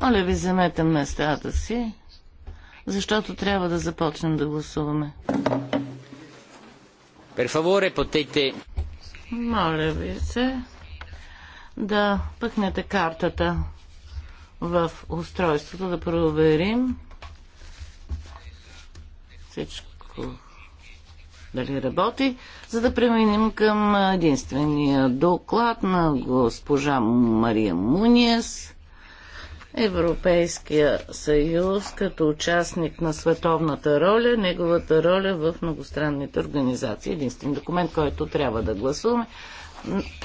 Моля ви, вземете местата си, защото трябва да започнем да гласуваме. Моля ви се да пъхнете картата в устройството, да проверим всичко дали работи, за да преминем към единствения доклад на госпожа Мария Муниес. Европейския съюз като участник на световната роля, неговата роля в многостранните организации. Единствен документ, който трябва да гласуваме.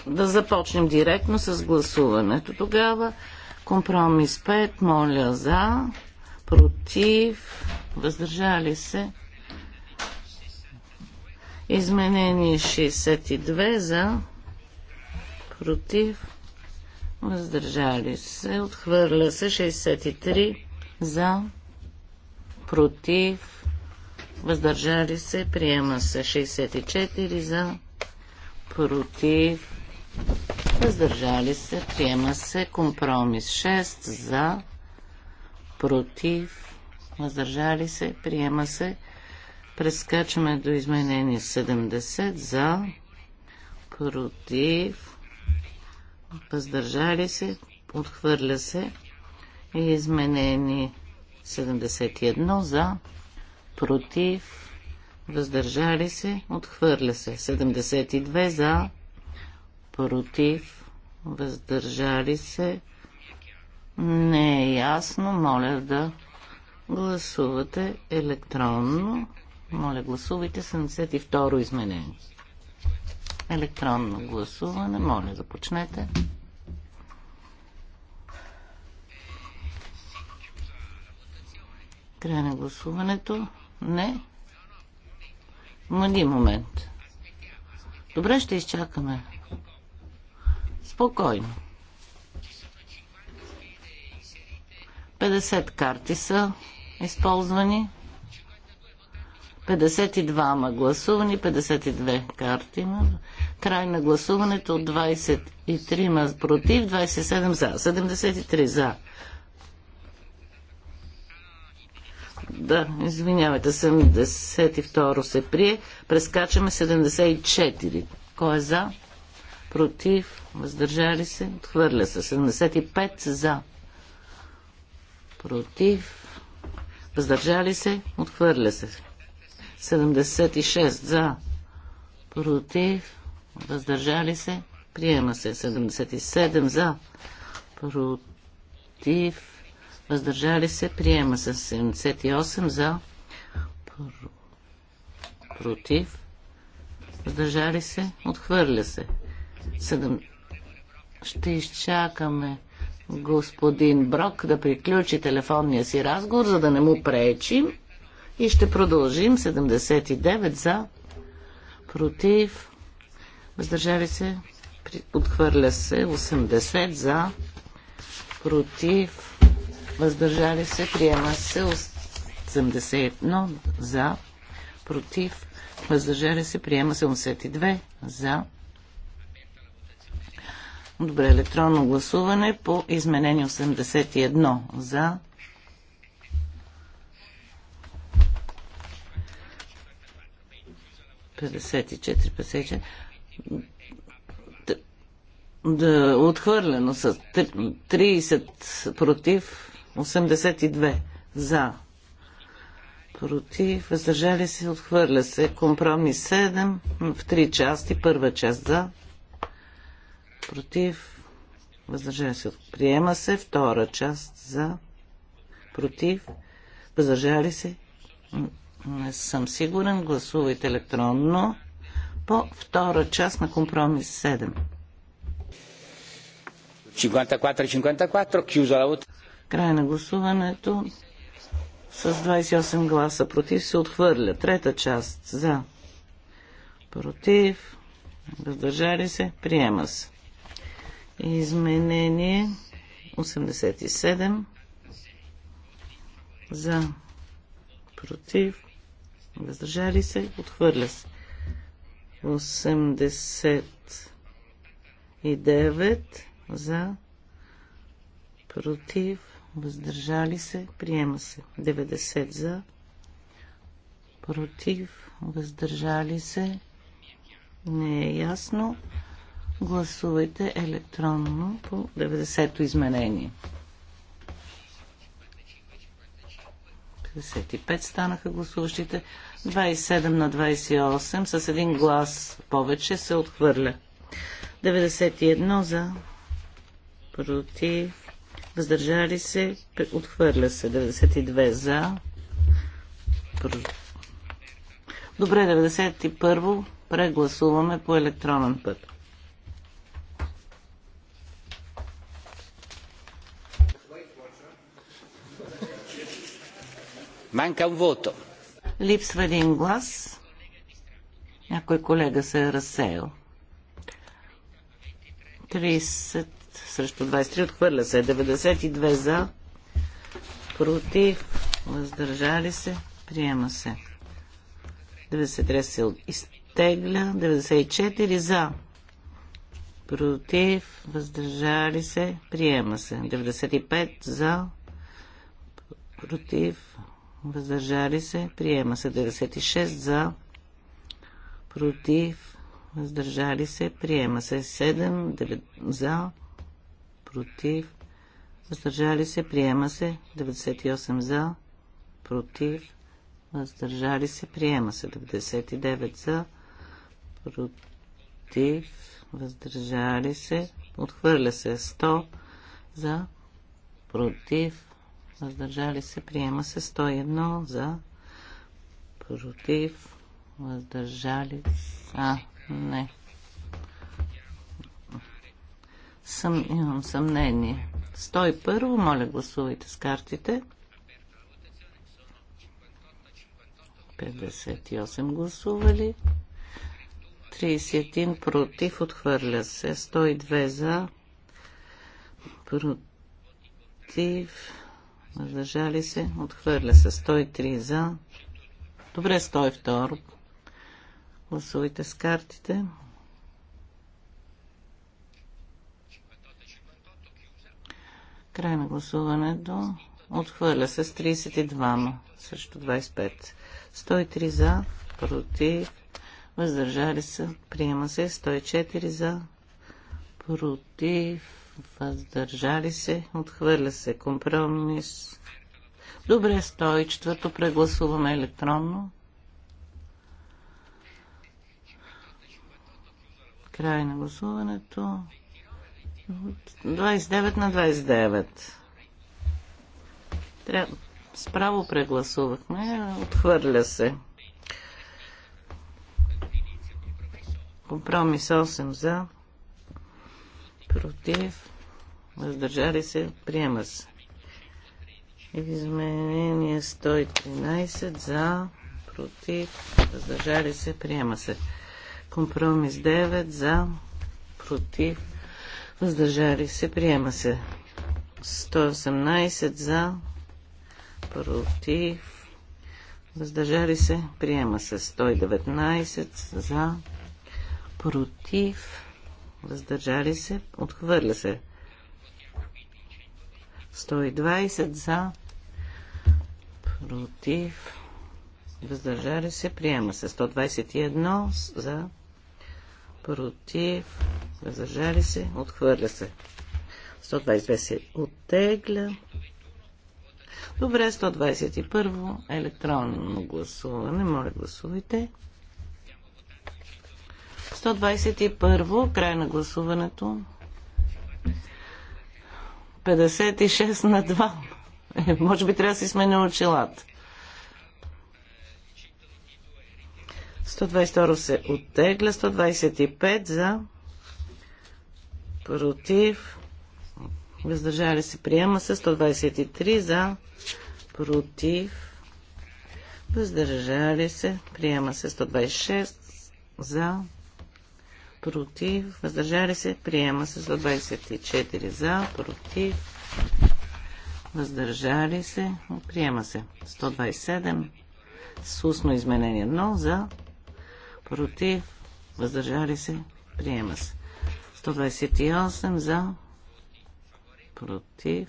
Да започнем директно с гласуването тогава. Компромис 5, моля за, против, въздържали се, Изменение 62 за против въздържали се. Отхвърля се 63 за против въздържали се. Приема се 64 за против въздържали се. Приема се компромис 6 за против въздържали се. Приема се Прескачаме до изменение 70 за, против, въздържали се, отхвърля се и изменени 71 за, против, въздържали се, отхвърля се. 72 за, против, въздържали се. Не е ясно, моля да гласувате електронно. Моля, гласувайте 72-ро изменение. Електронно гласуване. Моля, започнете. Край на гласуването. Не. Мали момент. Добре, ще изчакаме. Спокойно. 50 карти са използвани. 52 гласувани, 52 карти. има. Край на гласуването от 23 против, 27 за, 73 за. Да, извинявайте, 72 се прие. Прескачаме 74. Кой е за? Против, въздържали се, отхвърля се. 75 за. Против, въздържали се, отхвърля се. 76 за, против, въздържали се, приема се 77 за, против, въздържали се, приема се 78 за, против, въздържали се, отхвърля се. 7. Ще изчакаме господин Брок да приключи телефонния си разговор, за да не му пречим. И ще продължим. 79 за, против, въздържали се, отхвърля се. 80 за, против, въздържали се, приема се. 81 за, против, въздържали се, приема се. 82 за. Добре, електронно гласуване по изменение 81 за 54-54. да, отхвърлено с 30 против, 82 за. Против, въздържали се, отхвърля се. Компромис 7 в 3 части. Първа част за. Против, въздържали се, приема се. Втора част за. Против, въздържали се, не съм сигурен. Гласувайте електронно по втора част на компромис 7. 54-54, chiusa la Край на гласуването с 28 гласа против се отхвърля. Трета част за. Против. Въздържали се. Приема се. Изменение 87. За. Против. Въздържали се? Отхвърля се. 89 за. Против. Въздържали се. Приема се. 90 за. Против. Въздържали се. Не е ясно. Гласувайте електронно по 90-то изменение. 65 станаха гласуващите. 27 на 28 с един глас повече се отхвърля. 91 за против въздържали се отхвърля се. 92 за Добре, 91 прегласуваме по електронен път. Манка un voto. Липсва един глас. Някой колега се е разсеял. 30 срещу 23 отхвърля се. 92 за. Против. Въздържали се. Приема се. 93 се изтегля. 94 за. Против. Въздържали се. Приема се. 95 за. Против въздържали се, приема се 96 за, против, въздържали се, приема се 7 9, за, против, въздържали се, приема се 98 за, против, въздържали се, приема се 99 за, против, въздържали се, отхвърля се 100 за, против, въздържали се, приема се 101 за, против, въздържали се, а, не. Съм, имам съмнение. 101, моля гласувайте с картите. 58 гласували. 31 против, отхвърля се. 102 за, против, въздържали се, отхвърля се 103 за. Добре, 102. Гласувайте с картите. Край на гласуването. Отхвърля се с 32 срещу 25. 103 за, против, въздържали се, приема се 104 за, против, въздържали се, отхвърля се компромис. Добре, 104-то прегласуваме електронно. Край на гласуването. 29 на 29. Трябва... Справо прегласувахме, отхвърля се. Компромис 8 за, против, въздържали се, приема се. Изменение 113 за, против, въздържали се, приема се. Компромис 9 за, против, въздържали се, приема се. 118 за, против, въздържали се, приема се. 119 за, против, въздържали се, отхвърля се. 120 за, против, въздържали се, приема се. 121 за, против, въздържали се, отхвърля се. 122 се оттегля. Добре, 121 електронно гласуване. Моля, гласувайте. 121. Край на гласуването. 56 на 2. Е, може би трябва да си сменя очилата. 122 се оттегля. 125 за. Против. Въздържали се. Приема се. 123 за. Против. Въздържали се. Приема се 126 за против, въздържали се, приема се 124 за, против, въздържали се, приема се 127 с устно изменение 1 за, против, въздържали се, приема се 128 за, против,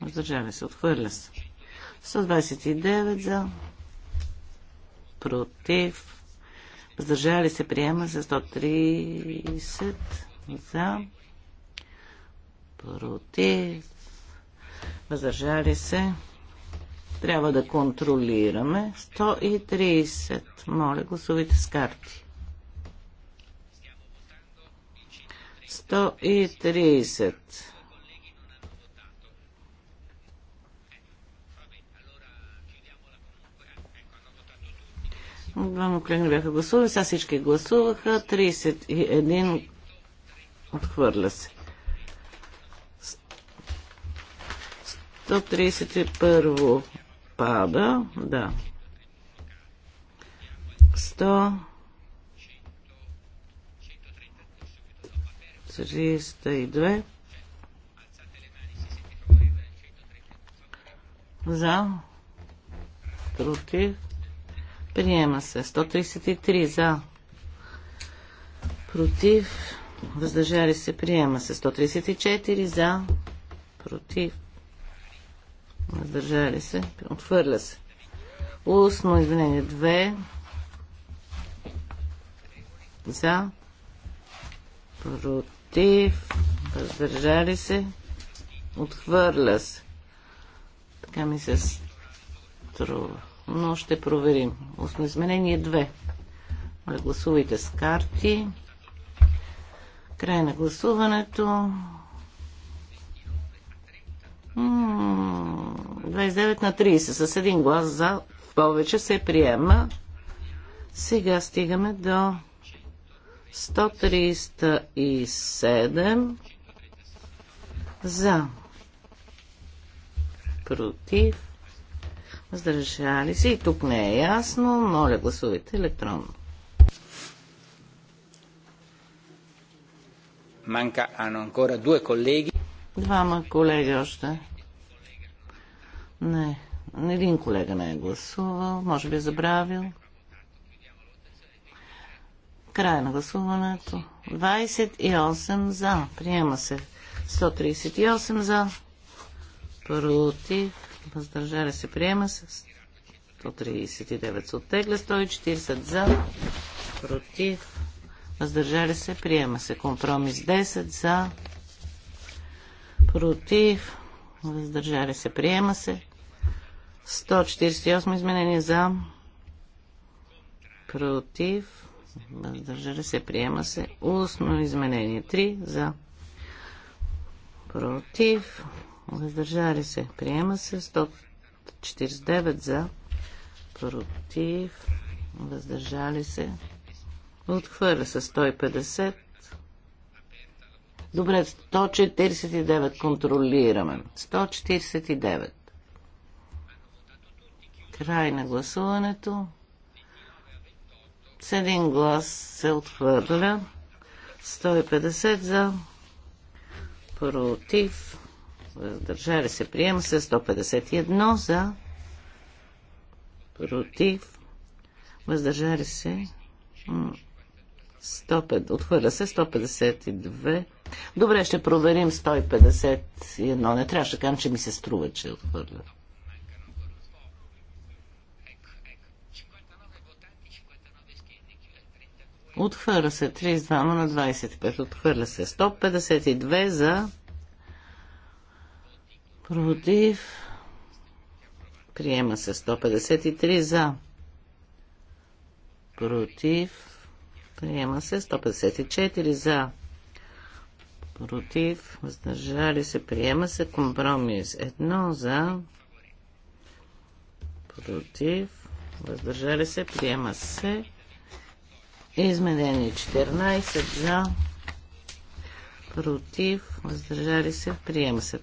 въздържали се, отхвърля се 129 за, против, въздържали се, приема се 130 за, против, въздържали се. Трябва да контролираме. 130. Моля, гласувайте с карти. 130. Двама колеги бяха гласували, сега всички гласуваха. 31 отхвърля се. 131 пада, да. 100 302 за против Приема се. 133 за. Против. Въздържали се. Приема се. 134 за. Против. Въздържали се. Отхвърля се. Устно извинение 2. За. Против. Въздържали се. Отхвърля се. Така ми се струва но ще проверим. Осно изменение 2. Моля, гласувайте с карти. Край на гласуването. 29 на 30 с един глас за повече се приема. Сега стигаме до 137 за против Въздържали се и тук не е ясно. Моля, гласувайте електронно. Манка ано анкора две колеги. Двама колеги още. Не, един колега не е гласувал, може би е забравил. Край на гласуването. 28 за. Приема се. 138 за. Против въздържали се, приема се. 139 се оттегля, 140 за, против, въздържали се, приема се. Компромис 10 за, против, въздържали се, приема се. 148 изменение за, против, въздържали се, приема се. Устно изменение 3 за, против, въздържали се. Приема се 149 за, против, въздържали се. Отхвърля се 150. Добре, 149 контролираме. 149. Край на гласуването. С един глас се отхвърля. 150 за. Против въздържали се, приема се 151 за, против, въздържали се, 105, отхвърля се 152. Добре, ще проверим 151. Не трябваше да кажа, че ми се струва, че е отхвърля. Отхвърля се 32 на 25. Отхвърля се 152 за Против. Приема се 153 за. Против. Приема се 154 за. Против. Въздържали се. Приема се компромис. Едно за. Против. Въздържали се. Приема се. Изменени 14 за. Против. Въздържали се. Приема се.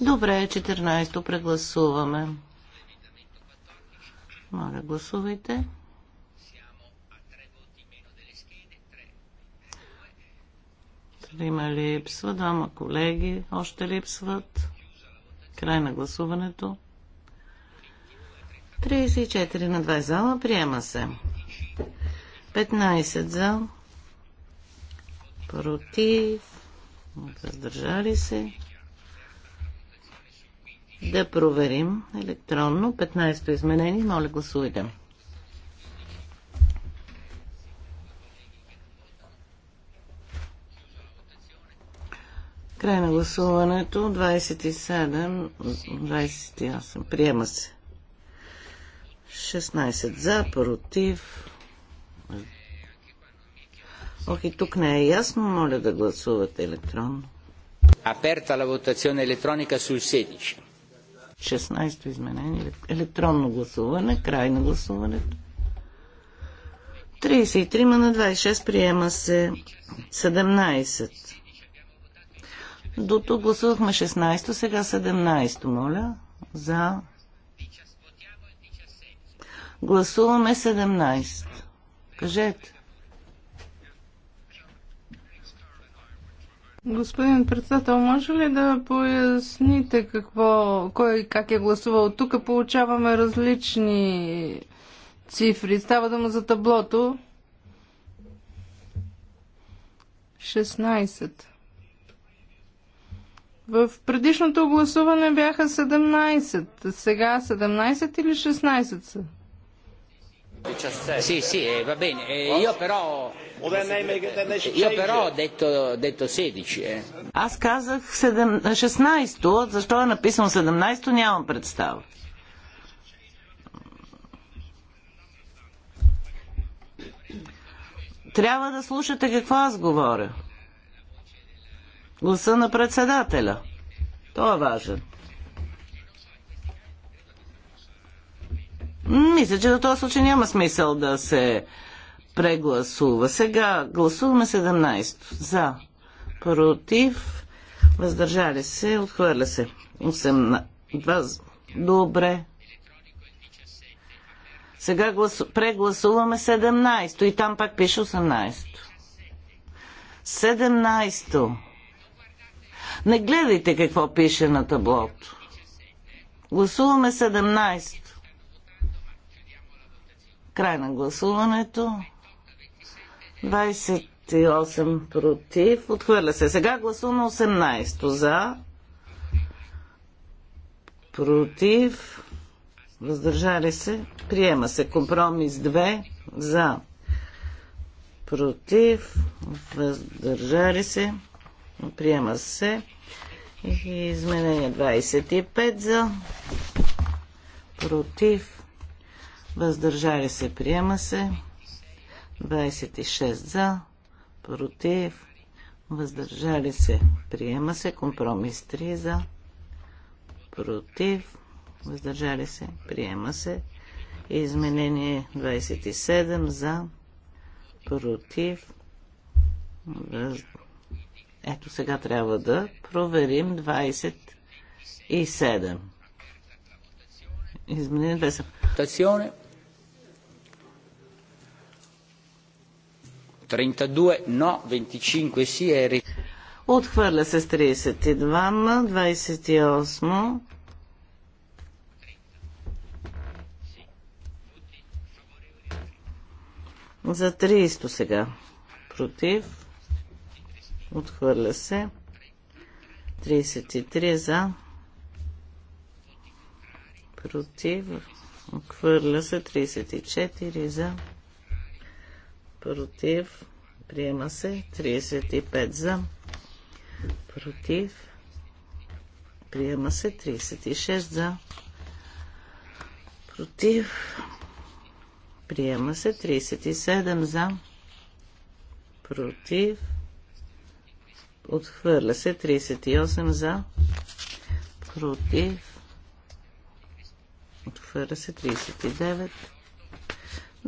Добре, 14-то прегласуваме. Моля, гласувайте. Трима липсва, двама колеги още липсват. Край на гласуването. 34 на 2 зала. Приема се. 15 за. Против. Въздържали се. Да проверим електронно. 15-то изменение. Моля, гласувайте. Край на гласуването. 27, 28. Приема се. 16 за, против. Ох, и тук не е ясно. Моля да гласувате електронно. Аперта la votazione elettronica sul 16. 16-то изменение, електронно гласуване, край на гласуването. 33 на 26 приема се 17. До тук гласувахме 16-то, сега 17-то, моля. За. Гласуваме 17. Кажете. Господин председател, може ли да поясните какво, кой как е гласувал? Тук получаваме различни цифри. Става дума за таблото. 16. В предишното гласуване бяха 17. Сега 17 или 16 са? 17. Sì, sì, eh, va bene. Eh, io però, io però ho detto, detto 16. Eh. Аз казах 16-то, защо е написано 17-то, нямам представа. Трябва да слушате какво аз говоря. Гласа на председателя. Той е важно. Мисля, че до този случай няма смисъл да се прегласува. Сега гласуваме 17 за, против, въздържали се, отхвърля се. 18. добре. Сега гласу... прегласуваме 17-то и там пак пише 18-то. 17-то. Не гледайте какво пише на таблото. Гласуваме 17-то. Край на гласуването. 28 против. Отхвърля се. Сега гласуваме 18 за. Против. Въздържали се. Приема се. Компромис 2 за. Против. Въздържали се. Приема се. И изменение 25 за. Против въздържали се, приема се. 26 за, против, въздържали се, приема се. Компромис 3 за, против, въздържали се, приема се. Изменение 27 за, против. Ето сега трябва да проверим 27. Изменение 27. 32 но, 25 си е... Отхвърля се с 32, 28. За 30 сега. Против. Отхвърля се. 33 за. Против. Отхвърля се. 34 за против, приема се 35 за, против, приема се 36 за, против, приема се 37 за, против, отхвърля се 38 за, против, отхвърля се 39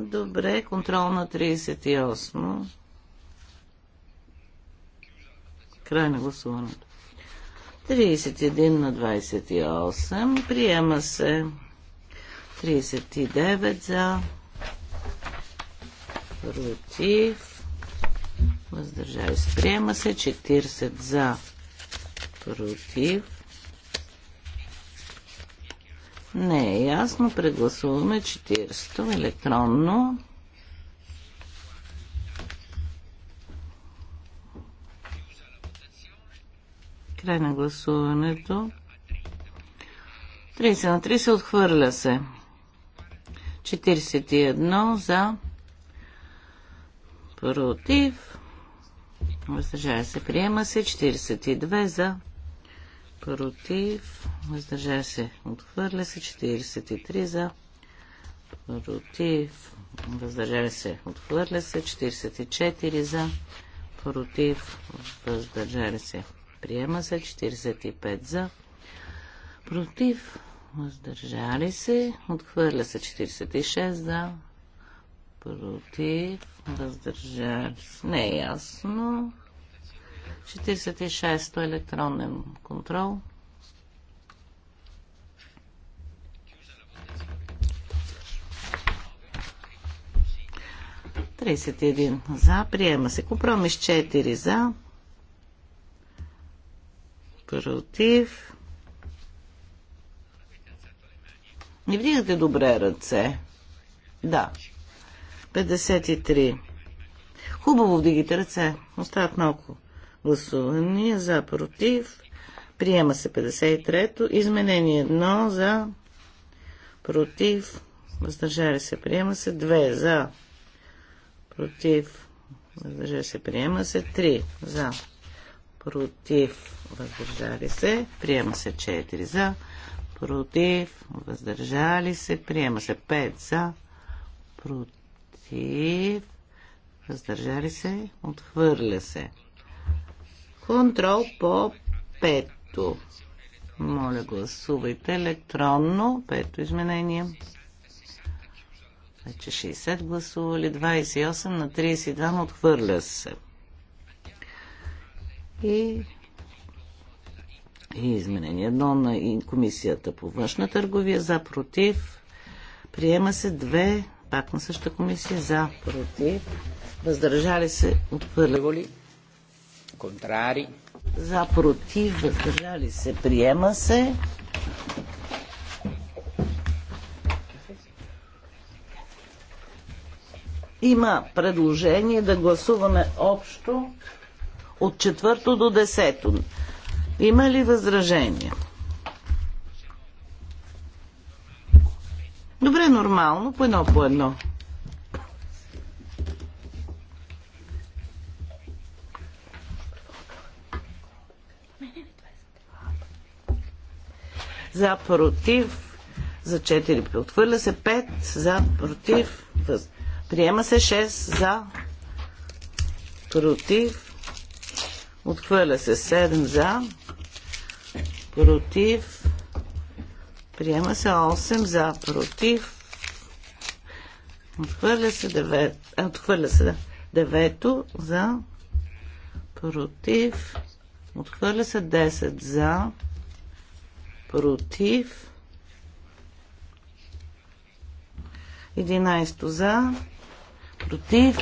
Добре, контрол на 38. Край на гласуването. 31 на 28. Приема се 39 за. Против. Въздържали се. Приема се 40 за. Против не е ясно. Прегласуваме 400 електронно. Край на гласуването. 30 на 30 отхвърля се. 41 за против. Въздържава се. Приема се. 42 за против, въздържа се, отхвърля се, 43 за, против, въздържа се, отхвърля се, 44 за, против, въздържа се, приема се, 45 за, против, въздържали се, отхвърля се 46 за, против, въздържа се, не е ясно, 46-то електронен контрол. Тридесет за. Приема се компромис 4 за. Против. Не вдигате добре ръце. Да. 53. Хубаво вдигате ръце. Остават малко. 53 гласувания за против. Приема се 53-то. Изменение 1 за против. Въздържали се. Приема се 2 за против. Въздържали се. Приема се 3 за против. Въздържали се. Приема се 4 за против. Въздържали се. Приема се 5 за против. Въздържали се. Отхвърля се. Контрол по пето. Моля, гласувайте електронно. Пето изменение. Вече 60 гласували, 28 на 32 отхвърля се. И, и изменение едно на комисията по външна търговия за против. Приема се две, пак на същата комисия, за против. Въздържали се, първи. Контрари. За против, въздържали се, приема се. Има предложение да гласуваме общо от четвърто до десето. Има ли възражение? Добре, нормално, по едно по едно. за против, за 4 отхвърля се, 5 за против, въз... приема се 6 за против, отхвърля се 7 за против, приема се 8 за против, отхвърля се 9, отхвърля се 9 за против, отхвърля се 10 за против, 11 за, против,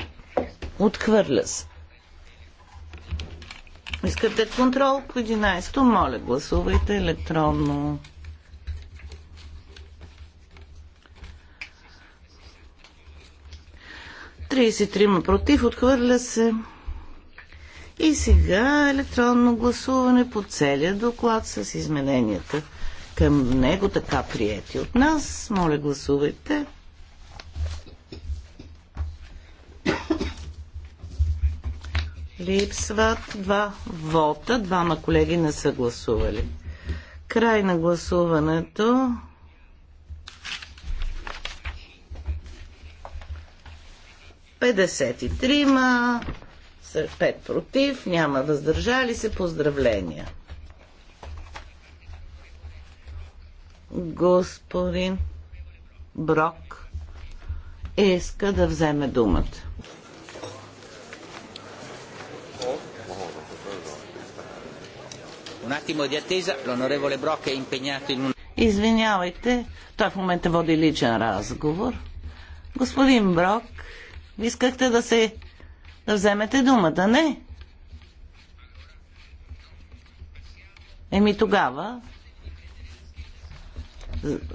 отхвърля се. Искате контрол по 11-то? Моля, гласувайте електронно. трима против, отхвърля се. И сега електронно гласуване по целия доклад с измененията към него, така приети от нас. Моля, гласувайте. Липсват два вота. Двама колеги не са гласували. Край на гласуването. Петдесет и трима, пет против, няма въздържали се. Поздравления! Господин Брок иска да вземе думата. Un attimo di attesa, l'onorevole Brock è impegnato in un... Извинявайте, той в момента води личен разговор. Господин Брок, искахте да се... да вземете думата, не? Еми тогава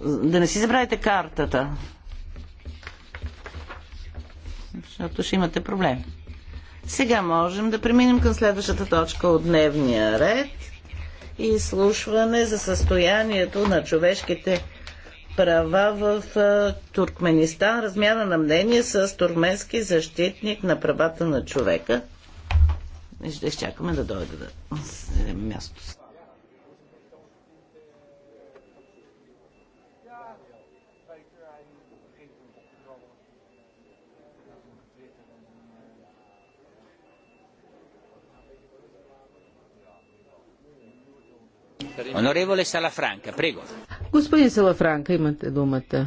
да не си забравяйте картата. Защото ще имате проблем. Сега можем да преминем към следващата точка от дневния ред. Изслушване за състоянието на човешките права в Туркменистан. Размяна на мнение с турменски защитник на правата на човека. Ще изчакаме да дойде да вземе място си. radio. Twee hij begint Господин Салафранка, имате думата.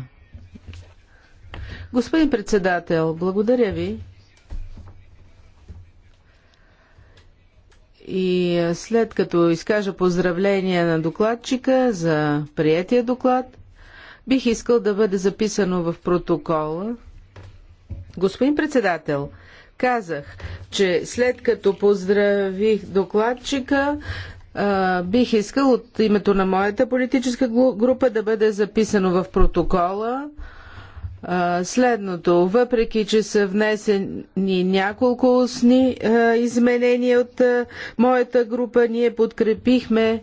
Господин председател, благодаря ви. И след като изкажа поздравления на докладчика за приятия доклад, Бих искал да бъде записано в протокола. Господин председател, казах, че след като поздравих докладчика, бих искал от името на моята политическа група да бъде записано в протокола следното. Въпреки, че са внесени няколко устни изменения от моята група, ние подкрепихме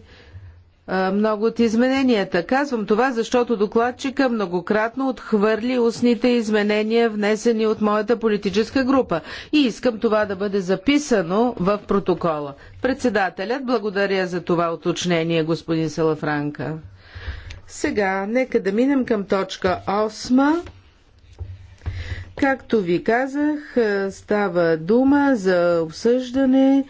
много от измененията. Казвам това, защото докладчика многократно отхвърли устните изменения, внесени от моята политическа група. И искам това да бъде записано в протокола. Председателят, благодаря за това уточнение, господин Салафранка. Сега, нека да минем към точка 8. Както ви казах, става дума за обсъждане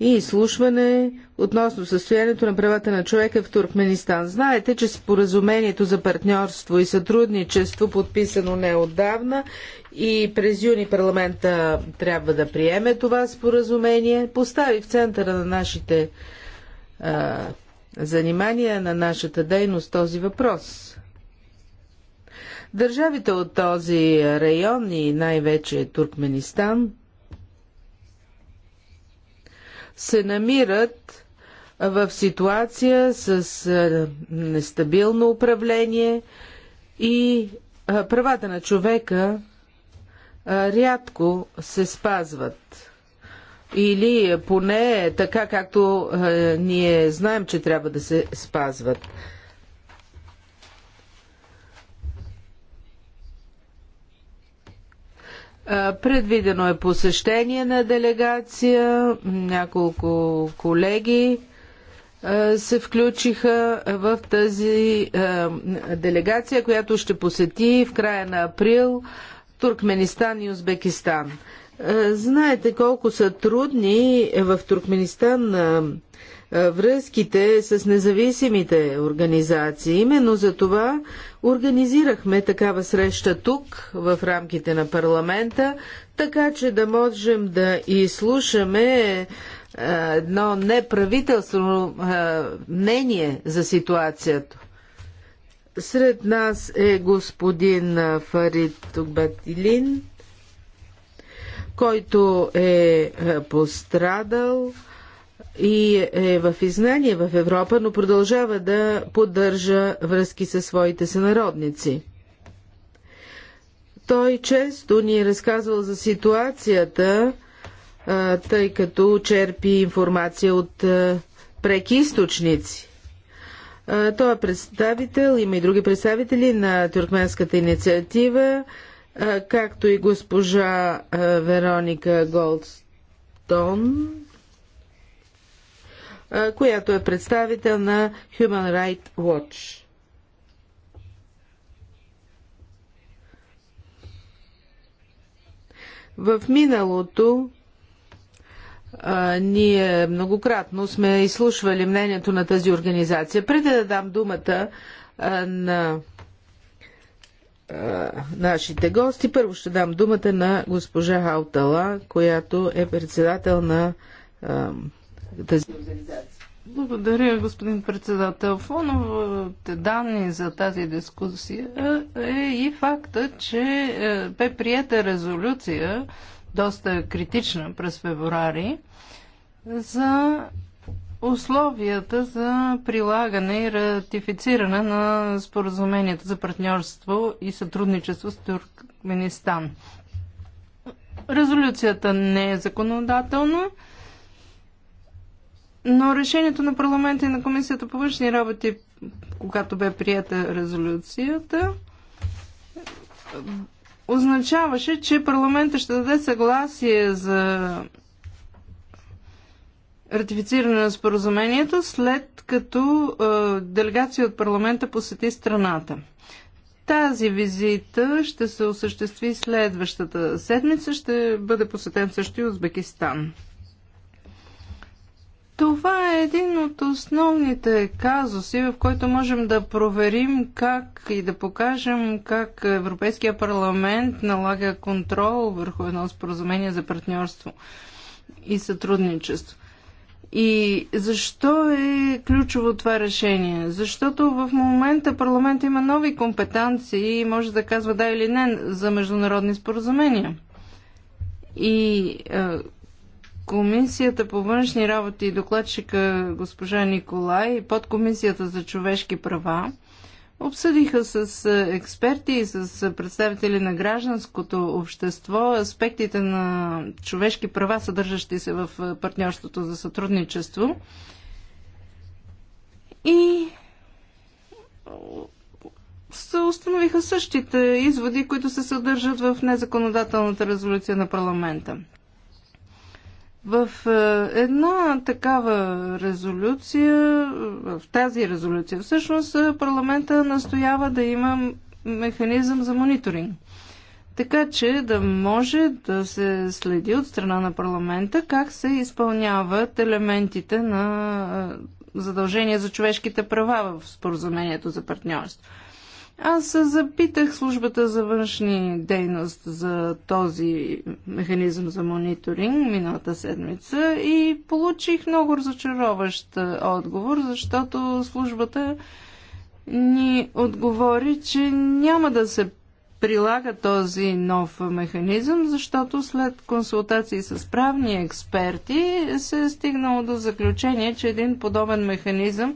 и изслушване относно състоянието на правата на човека в Туркменистан. Знаете, че споразумението за партньорство и сътрудничество, подписано неотдавна и през юни парламента трябва да приеме това споразумение, постави в центъра на нашите а, занимания, на нашата дейност този въпрос. Държавите от този район и най-вече Туркменистан – се намират в ситуация с нестабилно управление и правата на човека рядко се спазват. Или поне е така, както ние знаем, че трябва да се спазват. Предвидено е посещение на делегация. Няколко колеги се включиха в тази делегация, която ще посети в края на април Туркменистан и Узбекистан. Знаете колко са трудни в Туркменистан връзките с независимите организации. Именно за това организирахме такава среща тук, в рамките на парламента, така че да можем да изслушаме едно неправителствено мнение за ситуацията. Сред нас е господин Фарид Тукбатилин, който е пострадал и е в изгнание в Европа, но продължава да поддържа връзки със своите сънародници. Той често ни е разказвал за ситуацията, тъй като черпи информация от преки източници. Той е представител, има и други представители на Тюркменската инициатива, както и госпожа Вероника Голдстон, която е представител на Human Rights Watch. В миналото а, ние многократно сме изслушвали мнението на тази организация. Преди да дам думата а, на а, нашите гости, първо ще дам думата на госпожа Хаутала, която е председател на тази организация. Благодаря, господин председател. Фоновите данни за тази дискусия е, е и факта, че е, бе приета резолюция, доста критична през февруари, за условията за прилагане и ратифициране на споразумението за партньорство и сътрудничество с Туркменистан. Резолюцията не е законодателна, но решението на парламента и на Комисията по външни работи, когато бе прията резолюцията, означаваше, че парламента ще даде съгласие за ратифициране на споразумението, след като е, делегация от парламента посети страната. Тази визита ще се осъществи следващата седмица, ще бъде посетен също и Узбекистан. Това е един от основните казуси, в който можем да проверим как и да покажем как Европейския парламент налага контрол върху едно споразумение за партньорство и сътрудничество. И защо е ключово това решение? Защото в момента парламент има нови компетенции и може да казва да или не за международни споразумения. И е, Комисията по външни работи и докладчика госпожа Николай и подкомисията за човешки права обсъдиха с е, експерти и с е, представители на гражданското общество аспектите на човешки права, съдържащи се в е, партньорството за сътрудничество. И се установиха същите изводи, които се съдържат в незаконодателната резолюция на парламента. В е, една такава резолюция, е, в тази резолюция всъщност е, парламента настоява да има механизъм за мониторинг. Така че да може да се следи от страна на парламента как се изпълняват елементите на задължения за човешките права в споразумението за партньорство. Аз запитах службата за външни дейност за този механизъм за мониторинг миналата седмица и получих много разочароващ отговор, защото службата ни отговори, че няма да се прилага този нов механизъм, защото след консултации с правни експерти се е стигнало до заключение, че един подобен механизъм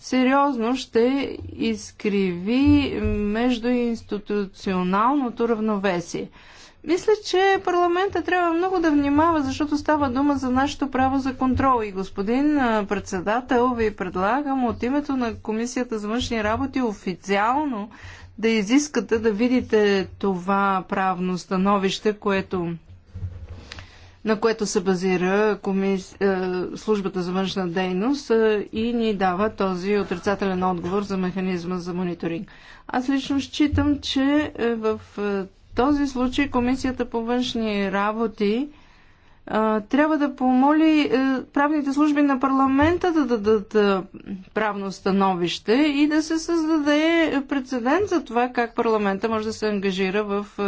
сериозно ще изкриви междуинституционалното равновесие. Мисля, че парламента трябва много да внимава, защото става дума за нашето право за контрол. И господин председател, ви предлагам от името на Комисията за външни работи официално да изискате да видите това правно становище, което на което се базира комис... Е, службата за външна дейност е, и ни дава този отрицателен отговор за механизма за мониторинг. Аз лично считам, че е, в този случай Комисията по външни работи трябва да помоли е, правните служби на парламента да дадат е, правно становище и да се създаде прецедент за това как парламента може да се ангажира в е,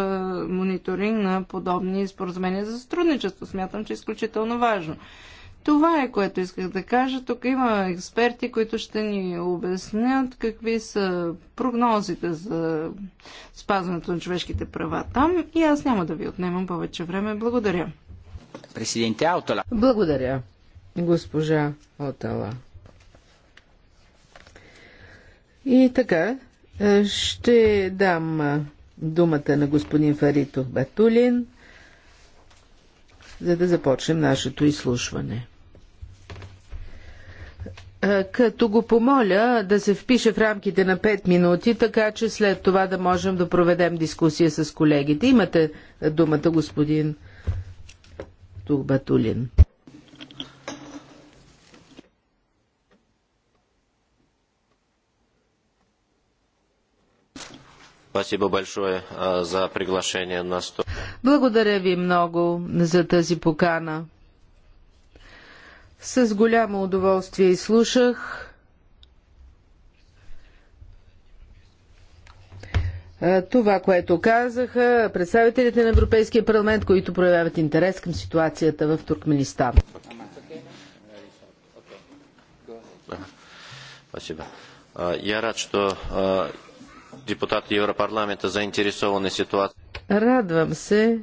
мониторинг на подобни споразумения за сътрудничество. Смятам, че е изключително важно. Това е което исках да кажа. Тук има експерти, които ще ни обяснят какви са прогнозите за спазването на човешките права там и аз няма да ви отнемам повече време. Благодаря. Президенте Аутала. Благодаря, госпожа Отала. И така, е, ще дам е, думата на господин Фаритов Батулин, за да започнем нашето изслушване. Е, като го помоля да се впише в рамките на 5 минути, така че след това да можем да проведем дискусия с колегите. Имате думата, господин Батулин. Спасибо большое за приглашение на сто. Благодаря ви много за тази покана. С голямо удоволствие слушах. това, което казаха представителите на Европейския парламент, които проявяват интерес към ситуацията в Туркменистан. Спасибо. Я рад, что депутаты Европарламента заинтересованы ситуацией. Радвам се,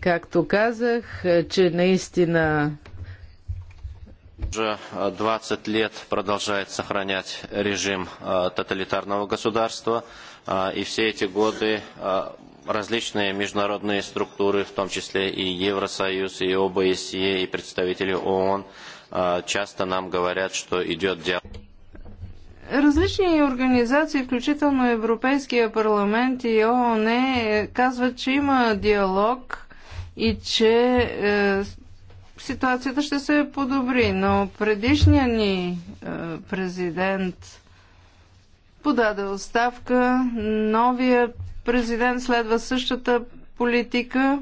както казах, че наистина уже 20 лет продолжает сохранять режим тоталитарного государства. И все эти годы различные международные структуры, в том числе и Евросоюз, и ОБСЕ, и представители ООН, часто нам говорят, что идет диалог. Различни организации, включително Европейския парламент и ООН, е, казват, че има диалог и че е, ситуацията ще се подобри. Но предишният ни е, президент подаде оставка. Новия президент следва същата политика.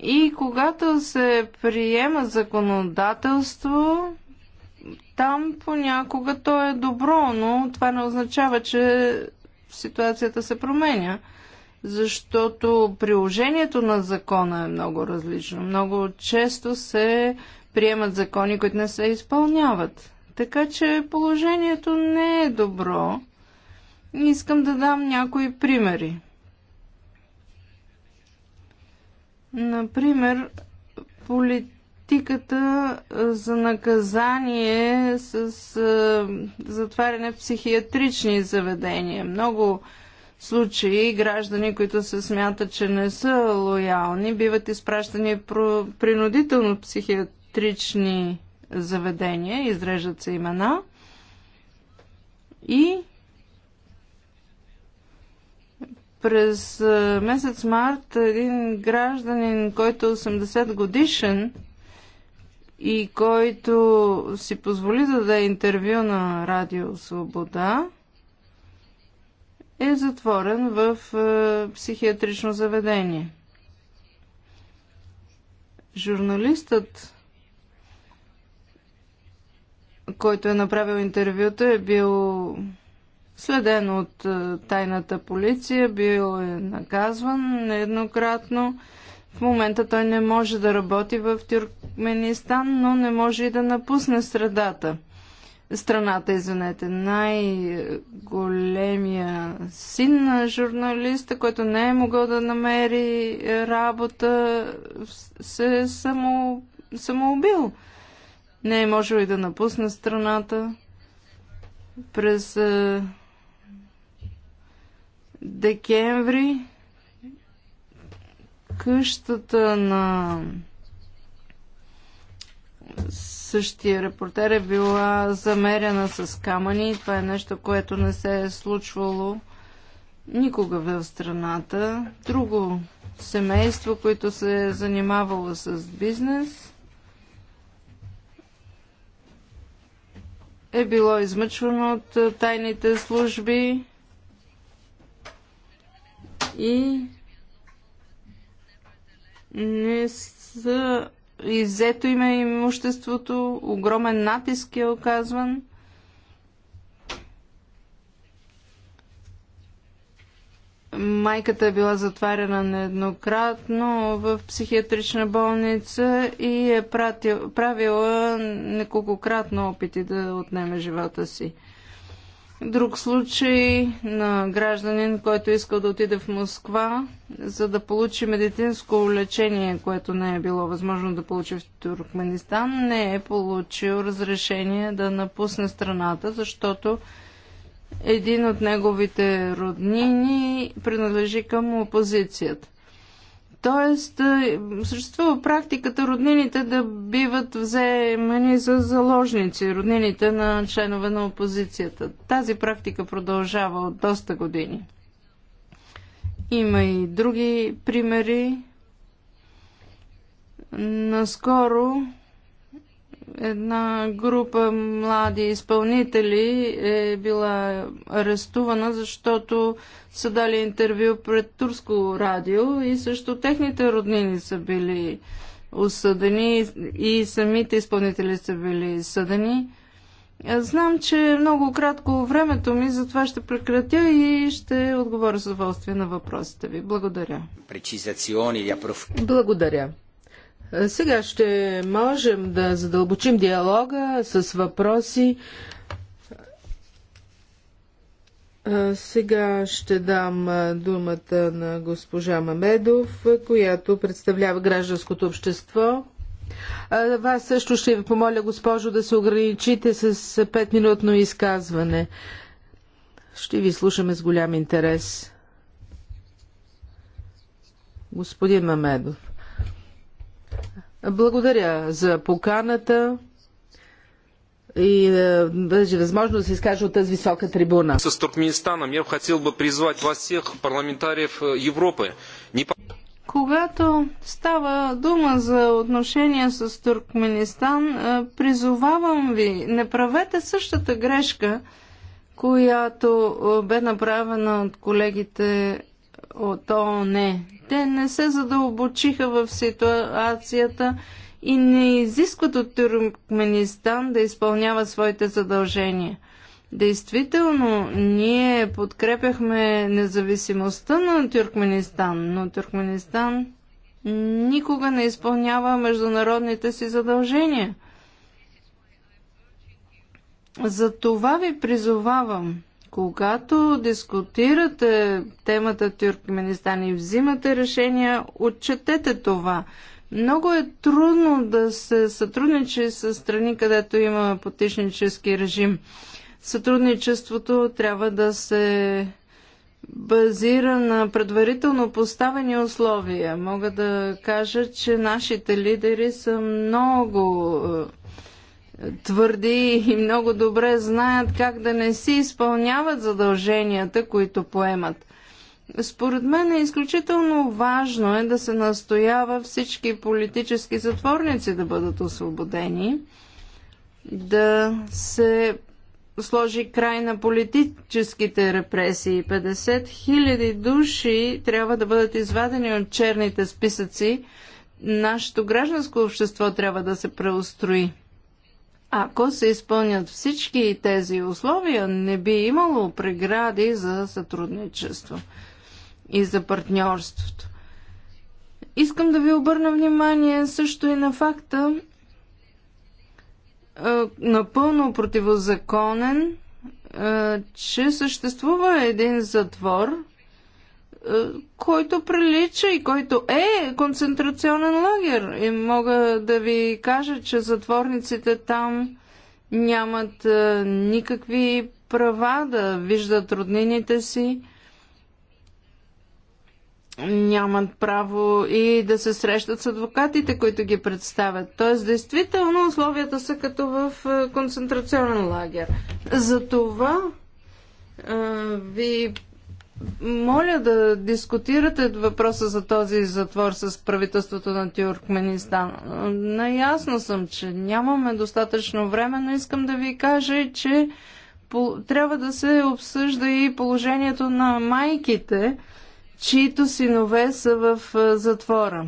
И когато се приема законодателство, там понякога то е добро, но това не означава, че ситуацията се променя. Защото приложението на закона е много различно. Много често се приемат закони, които не се изпълняват. Така че положението не е добро. Искам да дам някои примери. Например, политиката за наказание с затваряне в психиатрични заведения. Много случаи граждани, които се смятат, че не са лоялни, биват изпращани принудително в психиатрични заведения, изреждат се имена и през месец март един гражданин, който е 80 годишен и който си позволи да даде интервю на Радио Свобода, е затворен в психиатрично заведение. Журналистът който е направил интервюта, е бил следен от е, тайната полиция, бил е наказван нееднократно. В момента той не може да работи в Тюркменистан, но не може и да напусне средата. Страната, извинете, най-големия син на журналиста, който не е могъл да намери работа, се е само, самоубил не е можел и да напусне страната. През е, декември къщата на същия репортер е била замерена с камъни. Това е нещо, което не се е случвало никога в страната. Друго семейство, което се е занимавало с бизнес – е било измъчвано от е, тайните служби и не са иззето име имуществото, огромен натиск е оказван. Майката е била затваряна нееднократно в психиатрична болница и е пратил, правила неколкократно опити да отнеме живота си. Друг случай на гражданин, който искал да отиде в Москва, за да получи медицинско лечение, което не е било възможно да получи в Туркменистан, не е получил разрешение да напусне страната, защото един от неговите роднини принадлежи към опозицията. Тоест, е, съществува практиката роднините да биват вземани за заложници, роднините на членове на опозицията. Тази практика продължава от доста години. Има и други примери. Наскоро една група млади изпълнители е била арестувана, защото са дали интервю пред турско радио и също техните роднини са били осъдени и самите изпълнители са били съдени. Знам, че е много кратко времето ми, затова ще прекратя и ще отговоря с удоволствие на въпросите ви. Благодаря. Благодаря. Е, сега ще можем да задълбочим диалога с въпроси. Е, сега ще дам е, думата на госпожа Мамедов, която представлява гражданското общество. Вас също ще ви помоля, госпожо, да се ограничите с 5-минутно изказване. Ще ви слушаме с голям интерес. Господин Мамедов. Благодаря за поканата и е, даже възможност да се изкажа от тази висока трибуна. С Туркменистаном я хотел бы призвать вас всех парламентариев е, Европы. Не... Когато става дума за отношения с Туркменистан, е, призовавам ви, не правете същата грешка, която бе направена от колегите от ООН. Те не се задълбочиха в ситуацията и не изискват от Туркменистан да изпълнява своите задължения. Действително, ние подкрепяхме независимостта на Тюркменистан, но Туркменистан никога не изпълнява международните си задължения. За това ви призовавам когато дискутирате темата Тюркменистан и взимате решения, отчетете това. Много е трудно да се сътрудничи с страни, където има потишнически режим. Сътрудничеството трябва да се базира на предварително поставени условия. Мога да кажа, че нашите лидери са много твърди и много добре знаят как да не си изпълняват задълженията, които поемат. Според мен е изключително важно е да се настоява всички политически затворници да бъдат освободени, да се сложи край на политическите репресии. 50 000 души трябва да бъдат извадени от черните списъци. Нашето гражданско общество трябва да се преустрои. Ако се изпълнят всички тези условия, не би имало прегради за сътрудничество и за партньорството. Искам да ви обърна внимание също и на факта, е, напълно противозаконен, е, че съществува един затвор, е, който прилича и който е концентрационен лагер. И мога да ви кажа, че затворниците там нямат е, никакви права да виждат роднините си, нямат право и да се срещат с адвокатите, които ги представят. Тоест, действително, условията са като в е, концентрационен лагер. Затова ви моля да дискутирате въпроса за този затвор с правителството на Тюркменистан. Наясна съм, че нямаме достатъчно време, но искам да ви кажа, че трябва да се обсъжда и положението на майките, чието синове са в затвора.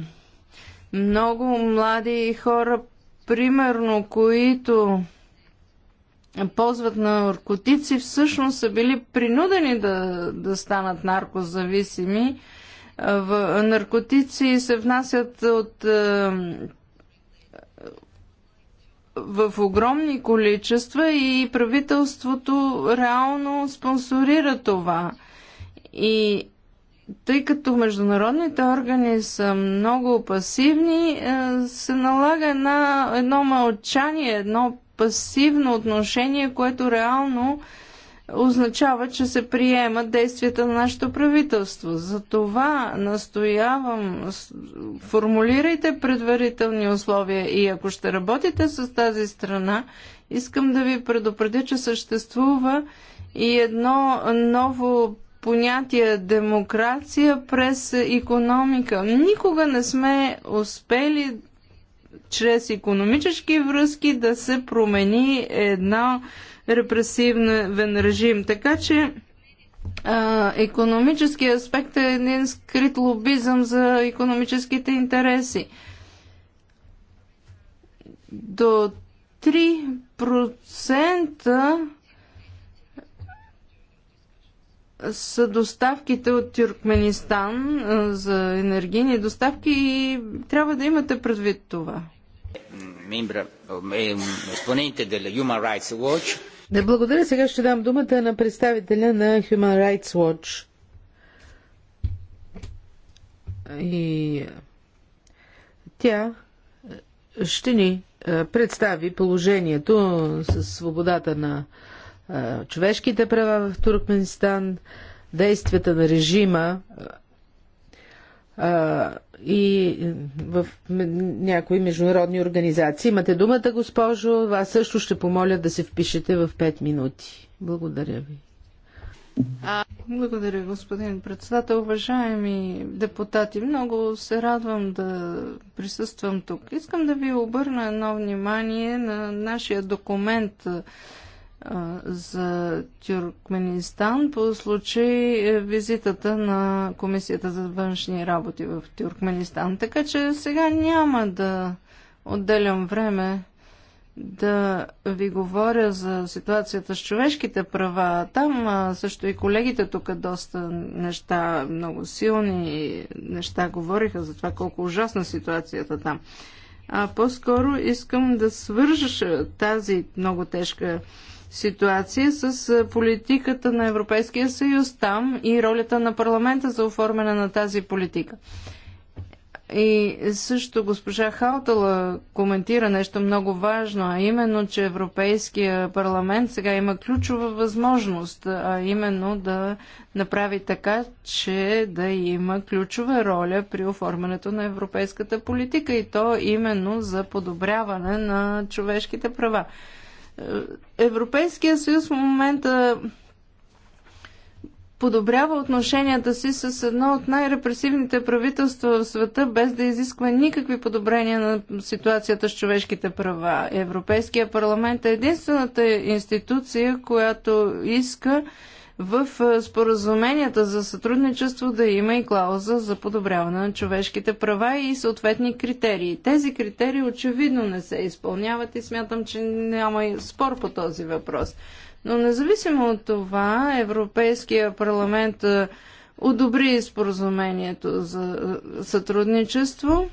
Много млади хора, примерно, които ползват на наркотици, всъщност са били принудени да, да станат наркозависими. В, наркотици се внасят от в огромни количества и правителството реално спонсорира това. И тъй като международните органи са много пасивни, се налага на едно мълчание, едно пасивно отношение, което реално означава, че се приемат действията на нашето правителство. Затова настоявам, формулирайте предварителни условия и ако ще работите с тази страна, искам да ви предупредя, че съществува и едно ново понятие демокрация през економика. Никога не сме успели чрез економически връзки да се промени една репресивен режим. Така че економически аспект е един скрит лобизъм за економическите интереси. До 3% са доставките от Тюркменистан за енергийни доставки и трябва да имате предвид това. Eh, да благодаря. Сега ще дам думата на представителя на Human Rights Watch. И тя е, ще ни е, представи положението с свободата на е, човешките права в Туркменистан, действията на режима и в някои международни организации. Имате думата, госпожо. Аз също ще помоля да се впишете в 5 минути. Благодаря ви. Благодаря, господин председател. Уважаеми депутати, много се радвам да присъствам тук. Искам да ви обърна едно внимание на нашия документ за Тюркменистан по случай е, визитата на Комисията за външни работи в Тюркменистан. Така че сега няма да отделям време да ви говоря за ситуацията с човешките права. Там а също и колегите тук доста неща, много силни неща говориха за това колко ужасна ситуацията там. А по-скоро искам да свържа тази много тежка ситуация с политиката на Европейския съюз там и ролята на парламента за оформяне на тази политика. И също госпожа Хаутала коментира нещо много важно, а именно, че Европейския парламент сега има ключова възможност, а именно да направи така, че да има ключова роля при оформянето на европейската политика и то именно за подобряване на човешките права. Европейския съюз в момента подобрява отношенията си с едно от най-репресивните правителства в света, без да изисква никакви подобрения на ситуацията с човешките права. Европейския парламент е единствената институция, която иска в е, споразуменията за сътрудничество да има и клауза за подобряване на човешките права и съответни критерии. Тези критерии очевидно не се изпълняват и смятам, че няма и спор по този въпрос. Но независимо от това, Европейския парламент е, одобри споразумението за е, сътрудничество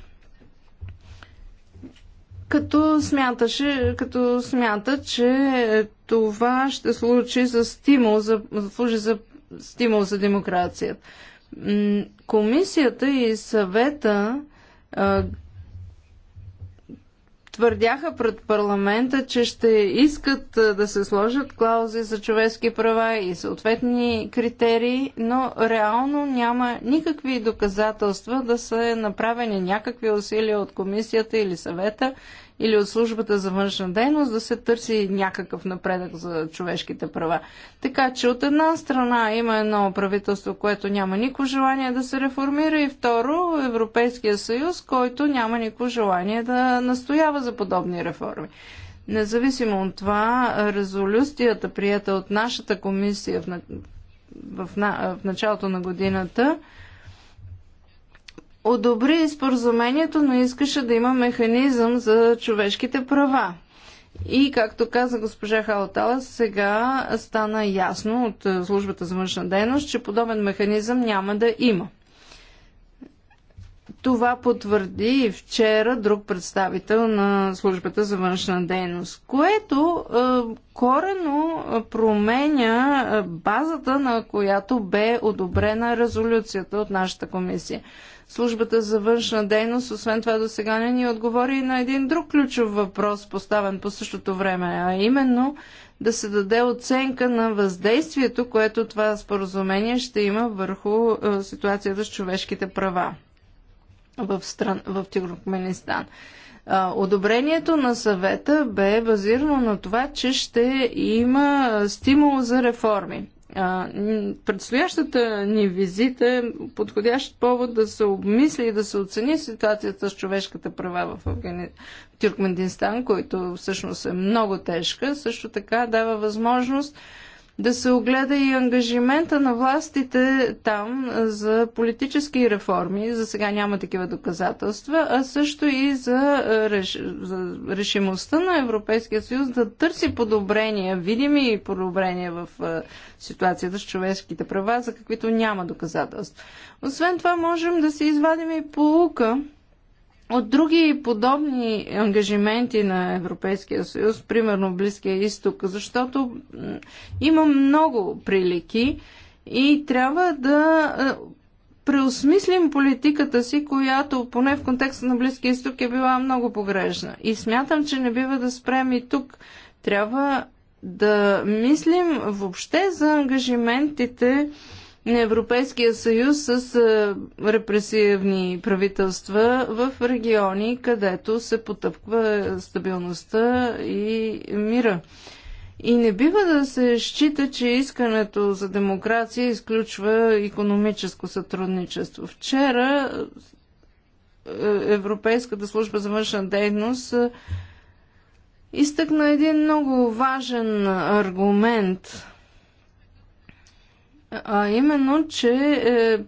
като, смяташе, като смята, че това ще случи за стимул, за, служи за стимул за демокрацията. Комисията и съвета твърдяха пред парламента, че ще искат да се сложат клаузи за човешки права и съответни критерии, но реално няма никакви доказателства да са направени някакви усилия от комисията или съвета или от службата за външна дейност да се търси някакъв напредък за човешките права. Така че от една страна има едно правителство, което няма никакво желание да се реформира и второ Европейския съюз, който няма никакво желание да настоява за подобни реформи. Независимо от това, резолюцията, прията от нашата комисия в, в, на, в началото на годината, одобри споразумението, но искаше да има механизъм за човешките права. И, както каза госпожа Халатала, сега стана ясно от е, службата за външна дейност, че подобен механизъм няма да има. Това потвърди и вчера друг представител на службата за външна дейност, което е, корено е, променя е, базата, на която бе одобрена резолюцията от нашата комисия службата за външна дейност, освен това до сега не ни отговори на един друг ключов въпрос, поставен по същото време, а именно да се даде оценка на въздействието, което това споразумение ще има върху е, ситуацията с човешките права в, стран, в Тюркменистан. Е, одобрението на съвета бе базирано на това, че ще има е, стимул за реформи. Предстоящата ни визита е подходящ повод да се обмисли и да се оцени ситуацията с човешката права в Афгани... Тюркмендинстан, който всъщност е много тежка. Също така дава възможност да се огледа и ангажимента на властите там за политически реформи. За сега няма такива доказателства, а също и за, реш... за решимостта на Европейския съюз да търси подобрения, видими подобрения в е, ситуацията с човешките права, за каквито няма доказателства. Освен това, можем да се извадим и полука от други подобни ангажименти на Европейския съюз, примерно Близкия изток, защото има много прилики и трябва да е, преосмислим политиката си, която поне в контекста на Близкия изток е била много погрешна. И смятам, че не бива да спрем и тук. Трябва да мислим въобще за ангажиментите на Европейския съюз с е, репресивни правителства в региони, където се потъпква стабилността и мира. И не бива да се счита, че искането за демокрация изключва економическо сътрудничество. Вчера е, Европейската служба за външна дейност е, изтъкна един много важен аргумент – а именно, че е,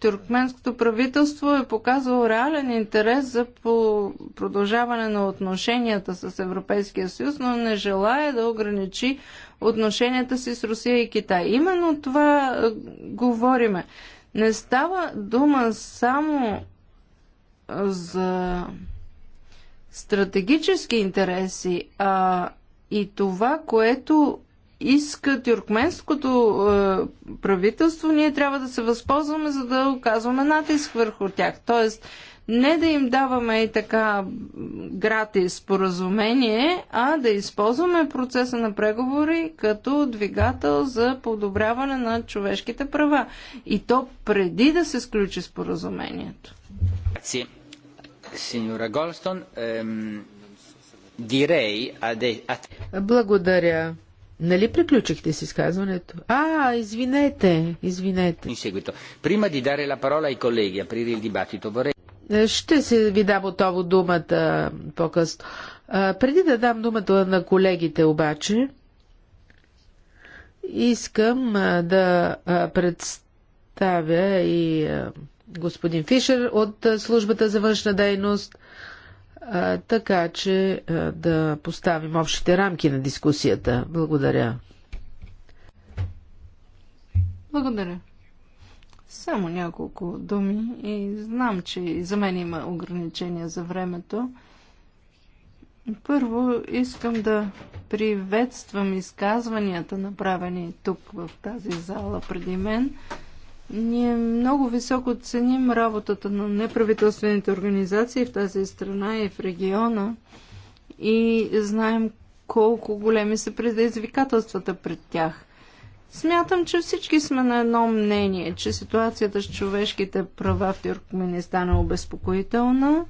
тюркменското правителство е показало реален интерес за по продължаване на отношенията с Европейския съюз, но не желая да ограничи отношенията си с Русия и Китай. Именно това е, говориме. Не става дума само е, за стратегически интереси, а и това, което иска тюркменското е, правителство, ние трябва да се възползваме, за да оказваме натиск върху тях. Тоест, не да им даваме и така гратис споразумение, а да използваме процеса на преговори като двигател за подобряване на човешките права. И то преди да се сключи споразумението. Синьора Голстон, дирей, Благодаря. Нали приключихте с изказването? А, извинете, извинете. Prima di dare la parola ai colleghi, aprire il dibattito, vorrei... Е, ще се ви дам отново думата по-късно. Преди да дам думата на колегите обаче, искам да представя и господин Фишер от службата за външна дейност – така че да поставим общите рамки на дискусията. Благодаря. Благодаря. Само няколко думи и знам, че и за мен има ограничения за времето. Първо искам да приветствам изказванията, направени тук в тази зала преди мен. Ние много високо ценим работата на неправителствените организации в тази страна и в региона и знаем колко големи са предизвикателствата пред тях. Смятам, че всички сме на едно мнение, че ситуацията с човешките права в Тюркменистан е обезпокоителна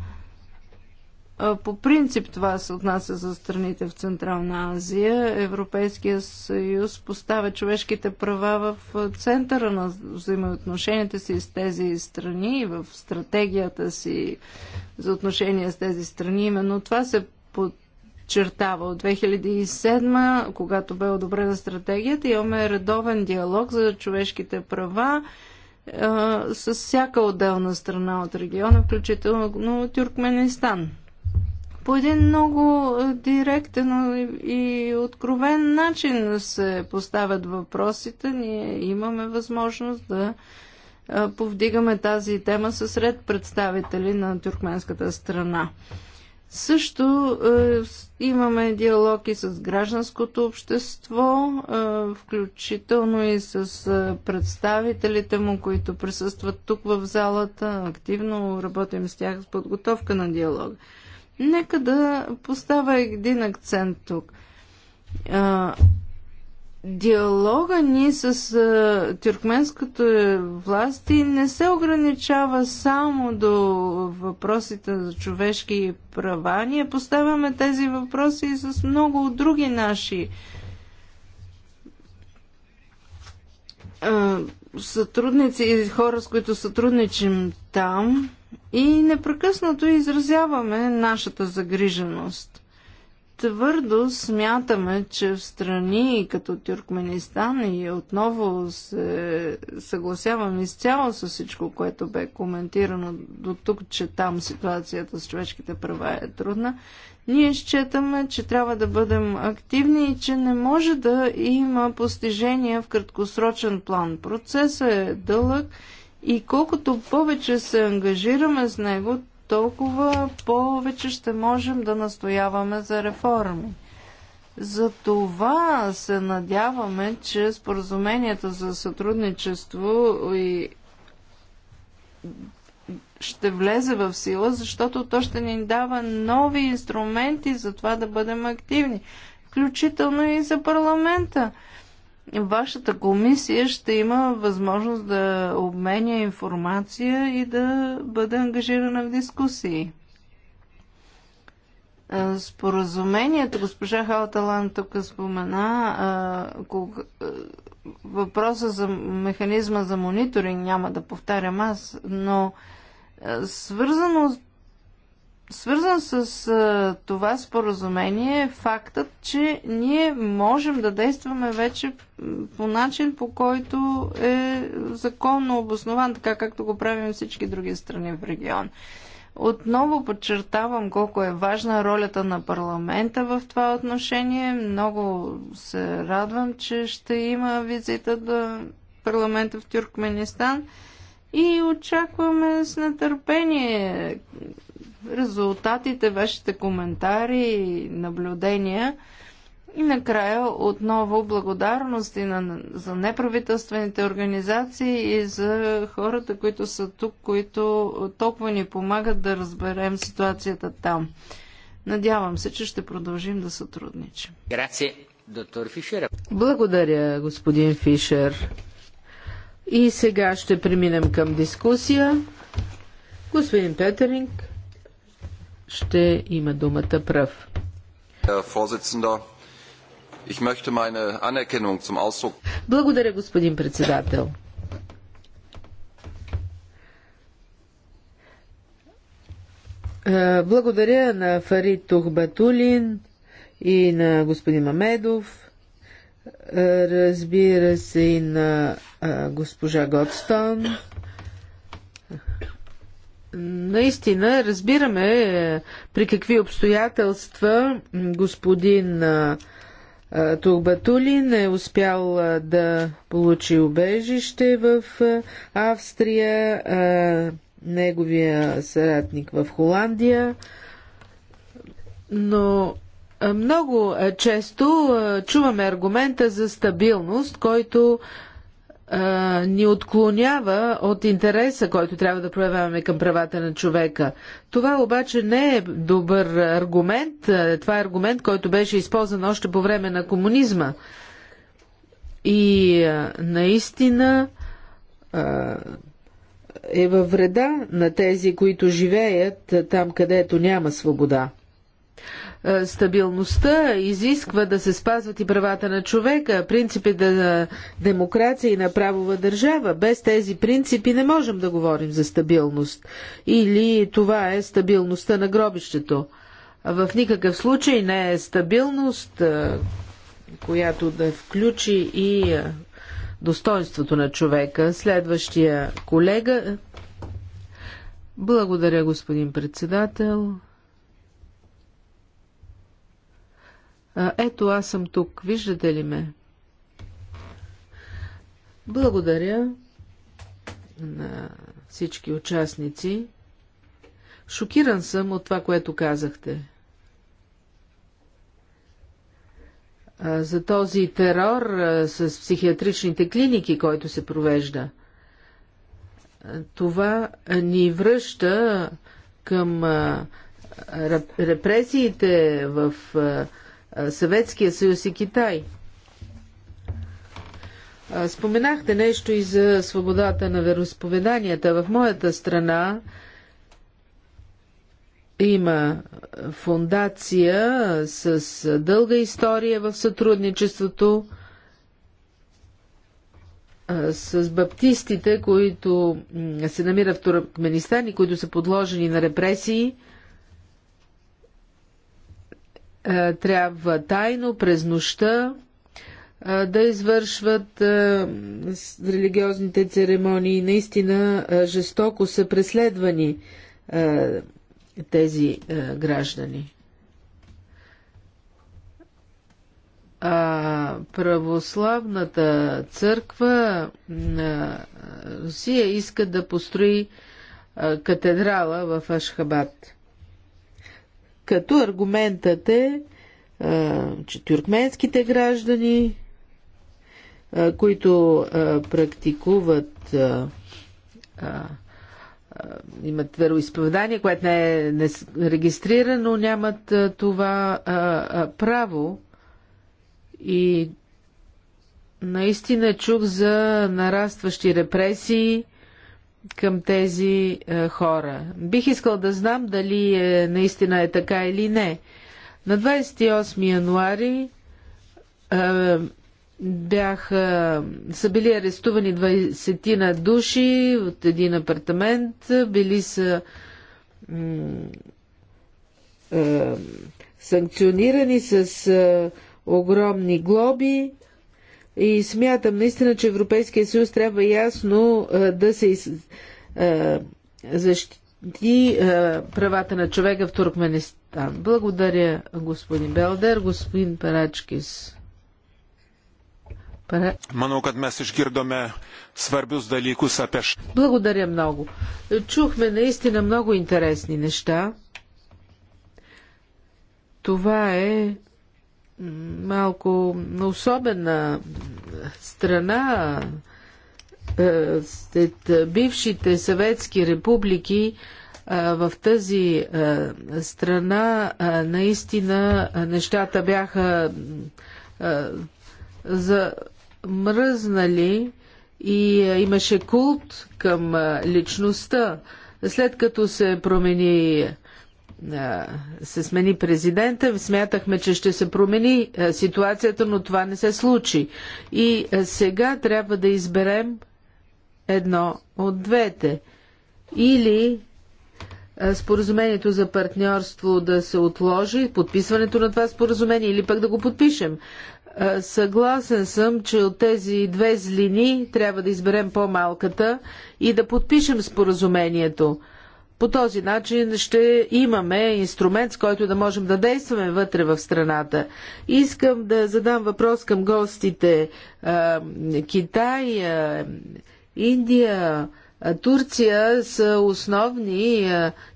по принцип това се отнася за страните в Централна Азия. Европейския съюз поставя човешките права в центъра на взаимоотношенията си с тези страни и в стратегията си за отношения с тези страни. Именно това се подчертава от 2007, когато бе одобрена стратегията. Имаме редовен диалог за човешките права с всяка отделна страна от региона, включително Тюркменистан по един много е, директен и откровен начин се поставят въпросите. Ние имаме възможност да е, повдигаме тази тема със сред представители на тюркменската страна. Също е, имаме и с гражданското общество, е, включително и с е, представителите му, които присъстват тук в залата. Активно работим с тях с подготовка на диалога. Нека да поставя един акцент тук. А, диалога ни с а, тюркменското власти не се ограничава само до въпросите за човешки права. Ние поставяме тези въпроси и с много други наши а, сътрудници и хора, с които сътрудничим там и непрекъснато изразяваме нашата загриженост. Твърдо смятаме, че в страни като Тюркменистан и отново се съгласявам изцяло с всичко, което бе коментирано до тук, че там ситуацията с човешките права е трудна, ние считаме, че трябва да бъдем активни и че не може да има постижения в краткосрочен план. Процесът е дълъг и колкото повече се ангажираме с него, толкова повече ще можем да настояваме за реформи. Затова се надяваме, че споразуменията за сътрудничество и ще влезе в сила, защото то ще ни дава нови инструменти за това да бъдем активни, включително и за парламента вашата комисия ще има възможност да обменя информация и да бъде ангажирана в дискусии. Споразумението, госпожа Халталан тук спомена, въпроса за механизма за мониторинг няма да повтарям аз, но свързано свързан с а, това споразумение е фактът, че ние можем да действаме вече по начин, по който е законно обоснован, така както го правим всички други страни в регион. Отново подчертавам колко е важна ролята на парламента в това отношение. Много се радвам, че ще има визита до парламента в Тюркменистан и очакваме с нетърпение резултатите, вашите коментари и наблюдения. И накрая отново благодарности на, за неправителствените организации и за хората, които са тук, които толкова ни помагат да разберем ситуацията там. Надявам се, че ще продължим да сътрудничим. Грация, доктор Фишер. Благодаря, господин Фишер. И сега ще преминем към дискусия. Господин Петеринг ще има думата пръв. Благодаря, господин председател. Е, благодаря на Фарид Тухбатулин и на господин Мамедов, е, разбира се и на госпожа Годстон Наистина разбираме е, при какви обстоятелства господин е, е, Тулбатулин е успял да получи убежище в Австрия, неговия съратник в Холандия, но много често чуваме аргумента за стабилност, който ни отклонява от интереса, който трябва да проявяваме към правата на човека. Това обаче не е добър аргумент. Това е аргумент, който беше използван още по време на комунизма. И наистина е във вреда на тези, които живеят там, където няма свобода. Е, стабилността изисква да се спазват и правата на човека, принципите на демокрация и на правова държава. Без тези принципи не можем да говорим за стабилност. Или това е стабилността на гробището. В никакъв случай не е стабилност, е, която да включи и е, достоинството на човека. Следващия колега. Благодаря, господин председател. Ето, аз съм тук. Виждате ли ме? Благодаря на всички участници. Шокиран съм от това, което казахте. За този терор с психиатричните клиники, който се провежда. Това ни връща към репресиите в Съветския съюз и Китай. Споменахте нещо и за свободата на вероисповеданията. В моята страна има фундация с дълга история в сътрудничеството с баптистите, които се намират в Туркменистан и които са подложени на репресии – е, трябва тайно през нощта е, да извършват е, религиозните церемонии. Наистина жестоко са преследвани тези граждани. а православната църква на Русия иска да построи катедрала в Ашхабад като аргументът е, че тюркменските граждани, които практикуват имат вероисповедание, което не е регистрирано, нямат това право. И наистина чух за нарастващи репресии, към тези е, хора. Бих искал да знам дали е, наистина е така или не. На 28 януари е, бяха, са били арестувани 20 на души от един апартамент, били са е, санкционирани с е, огромни глоби и смятам наистина, че Европейския съюз трябва ясно да се защити правата на човека в Туркменистан. Благодаря, господин Белдер. Господин Парачкис. Manau, Благодаря много. Чухме наистина много интересни неща. Това е малко на особена страна е, след бившите съветски републики е, в тази е, страна наистина нещата бяха замръзнали и имаше култ към личността. След като се промени се смени президента, смятахме, че ще се промени ситуацията, но това не се случи. И сега трябва да изберем едно от двете. Или споразумението за партньорство да се отложи, подписването на това споразумение, или пък да го подпишем. Съгласен съм, че от тези две злини трябва да изберем по-малката и да подпишем споразумението. По този начин ще имаме инструмент, с който да можем да действаме вътре в страната. Искам да задам въпрос към гостите Китай, Индия, Турция са основни,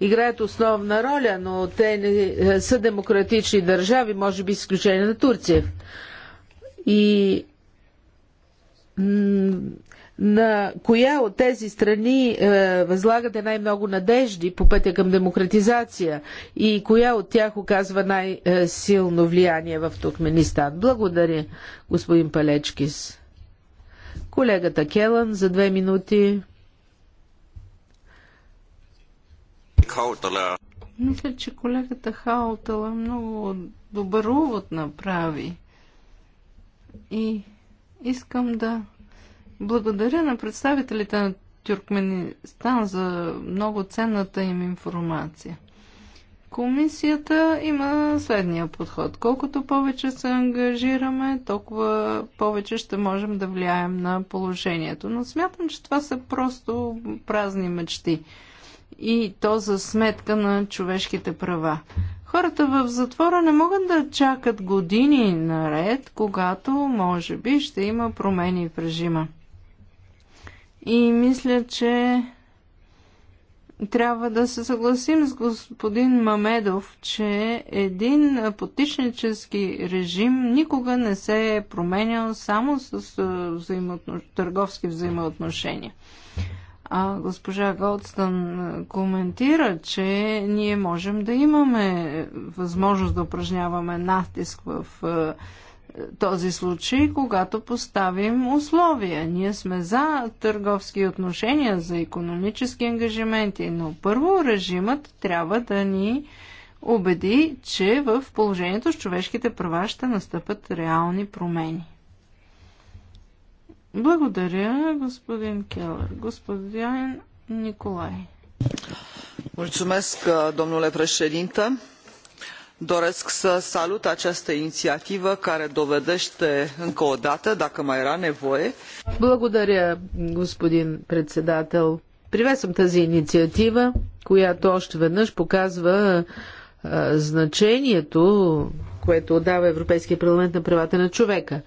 играят основна роля, но те не са демократични държави, може би изключение на Турция. И на коя от тези страни е, възлагате най-много надежди по пътя към демократизация и коя от тях оказва най-силно влияние в Туркменистан? Благодаря, господин Палечкис. Колегата Келан за две минути. Мисля, че колегата Хаутала много добър увод направи. И искам да благодаря на представителите на Тюркменистан за много ценната им информация. Комисията има следния подход. Колкото повече се ангажираме, толкова повече ще можем да влияем на положението. Но смятам, че това са просто празни мечти. И то за сметка на човешките права. Хората в затвора не могат да чакат години наред, когато може би ще има промени в режима. И мисля, че трябва да се съгласим с господин Мамедов, че един потичнически режим никога не се е променял само с взаимоотно... търговски взаимоотношения. А госпожа Голдстън коментира, че ние можем да имаме възможност да упражняваме натиск в този случай, когато поставим условия. Ние сме за търговски отношения, за економически ангажименти, но първо режимът трябва да ни убеди, че в положението с човешките права ще настъпят реални промени. Благодаря, господин Келър. Господин Николай. Mulțumesc, domnule președinte doresc să salut această inițiativă care dovedește încă o dată, dacă mai era nevoie. Благодаря, господин председател. Приветствам тази инициатива, която още веднъж показва а, значението, което отдава Европейския парламент на правата на човека.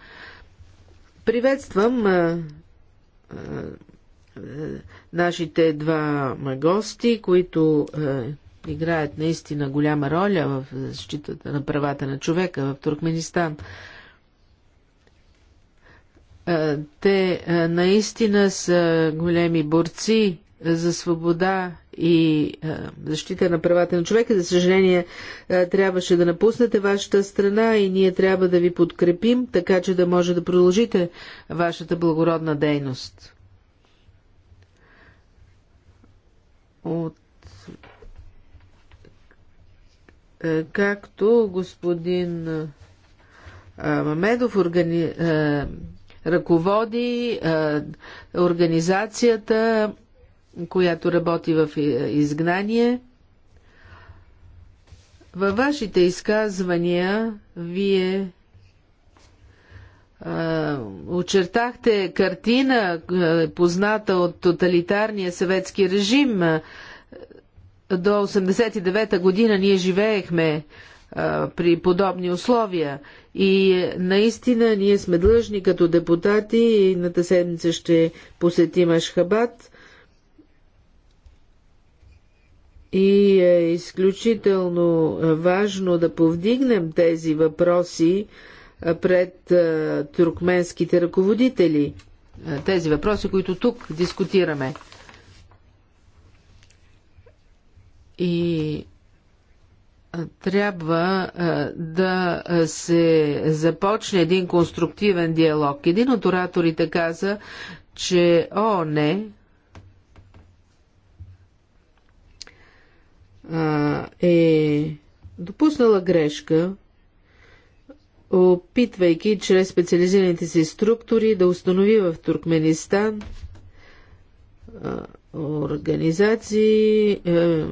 Приветствам а, а, нашите два гости, които играят наистина голяма роля в защитата на правата на човека в Туркменистан. Те наистина са големи борци за свобода и защита на правата на човека. За съжаление, трябваше да напуснете вашата страна и ние трябва да ви подкрепим, така че да може да продължите вашата благородна дейност. От Е, както господин е, Мамедов органи... Е, ръководи организацията, която работи в изгнание, във вашите изказвания вие а, очертахте картина, позната от тоталитарния съветски режим, а, до 89-та година ние живеехме а, при подобни условия и е, наистина ние сме длъжни като депутати и на тази седмица ще посетим Ашхабад и е изключително е, важно да повдигнем тези въпроси е, пред а, туркменските ръководители. Тези въпроси, които тук дискутираме. И трябва да се започне един конструктивен диалог. Един от ораторите каза, че О, не, е допуснала грешка, опитвайки чрез специализираните си структури да установи в Туркменистан организации, е,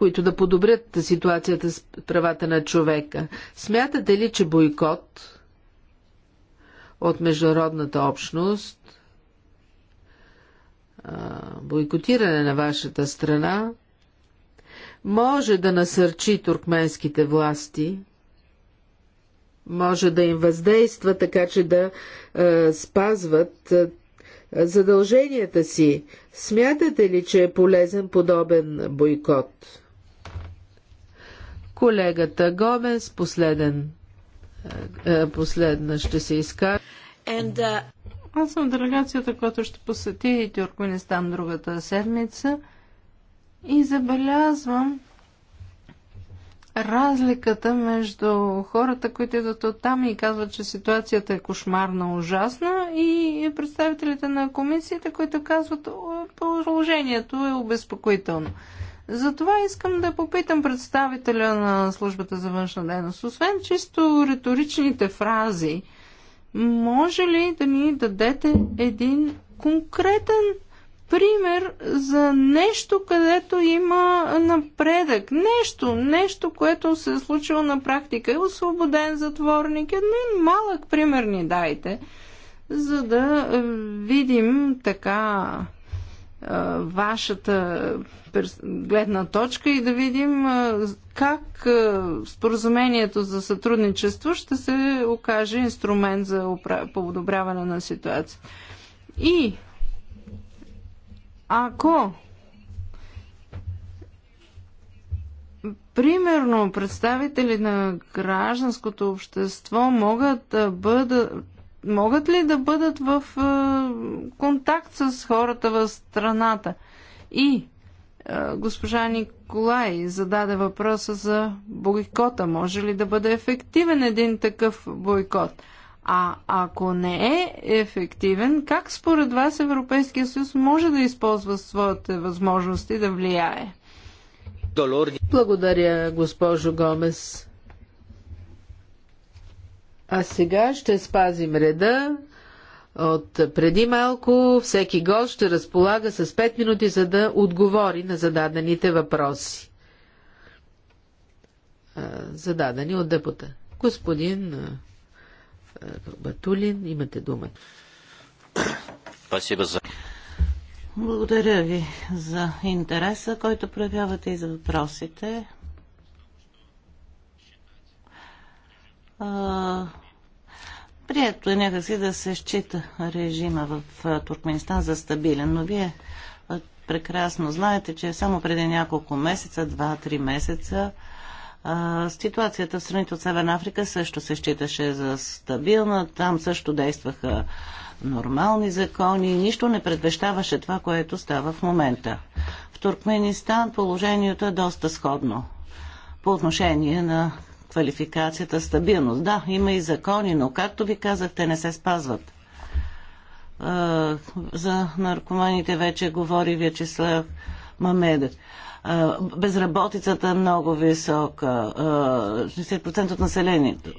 които да подобрят ситуацията с правата на човека. Смятате ли, че бойкот от международната общност, бойкотиране на вашата страна, може да насърчи туркменските власти, може да им въздейства така, че да е, спазват е, задълженията си. Смятате ли, че е полезен подобен бойкот? Колегата Гомес, последен, е, е, последна ще се изкаже. Uh... Аз съм делегацията, която ще посети Тюркменистан другата седмица и забелязвам разликата между хората, които идват от там и казват, че ситуацията е кошмарна, ужасна и представителите на комисията, които казват, положението е обезпокоително. Затова искам да попитам представителя на службата за външна дейност. Освен чисто риторичните фрази, може ли да ни дадете един конкретен пример за нещо, където има напредък. Нещо, нещо, което се е случило на практика. Е освободен затворник. Един малък пример ни дайте, за да е, видим така вашата гледна точка и да видим как споразумението за сътрудничество ще се окаже инструмент за подобряване на ситуация. И ако примерно представители на гражданското общество могат да бъдат могат ли да бъдат в е, контакт с хората в страната? И е, госпожа Николай зададе въпроса за бойкота. Може ли да бъде ефективен един такъв бойкот? А ако не е ефективен, как според вас Европейския съюз може да използва своите възможности да влияе? Благодаря, госпожо Гомес. А сега ще спазим реда. От преди малко всеки гост ще разполага с 5 минути, за да отговори на зададените въпроси. Зададени от депута. Господин Батулин, имате дума. Спасибо за. Благодаря ви за интереса, който проявявате и за въпросите. прието е някакси да се счита режима в Туркменистан за стабилен, но вие прекрасно знаете, че само преди няколко месеца, два-три месеца, ситуацията в страните от Северна Африка също се считаше за стабилна. Там също действаха нормални закони. Нищо не предвещаваше това, което става в момента. В Туркменистан положението е доста сходно по отношение на квалификацията стабилност. Да, има и закони, но както ви казах, те не се спазват. За наркоманите вече говори Вячеслав Мамедов. Безработицата е много висока. 60% от населението.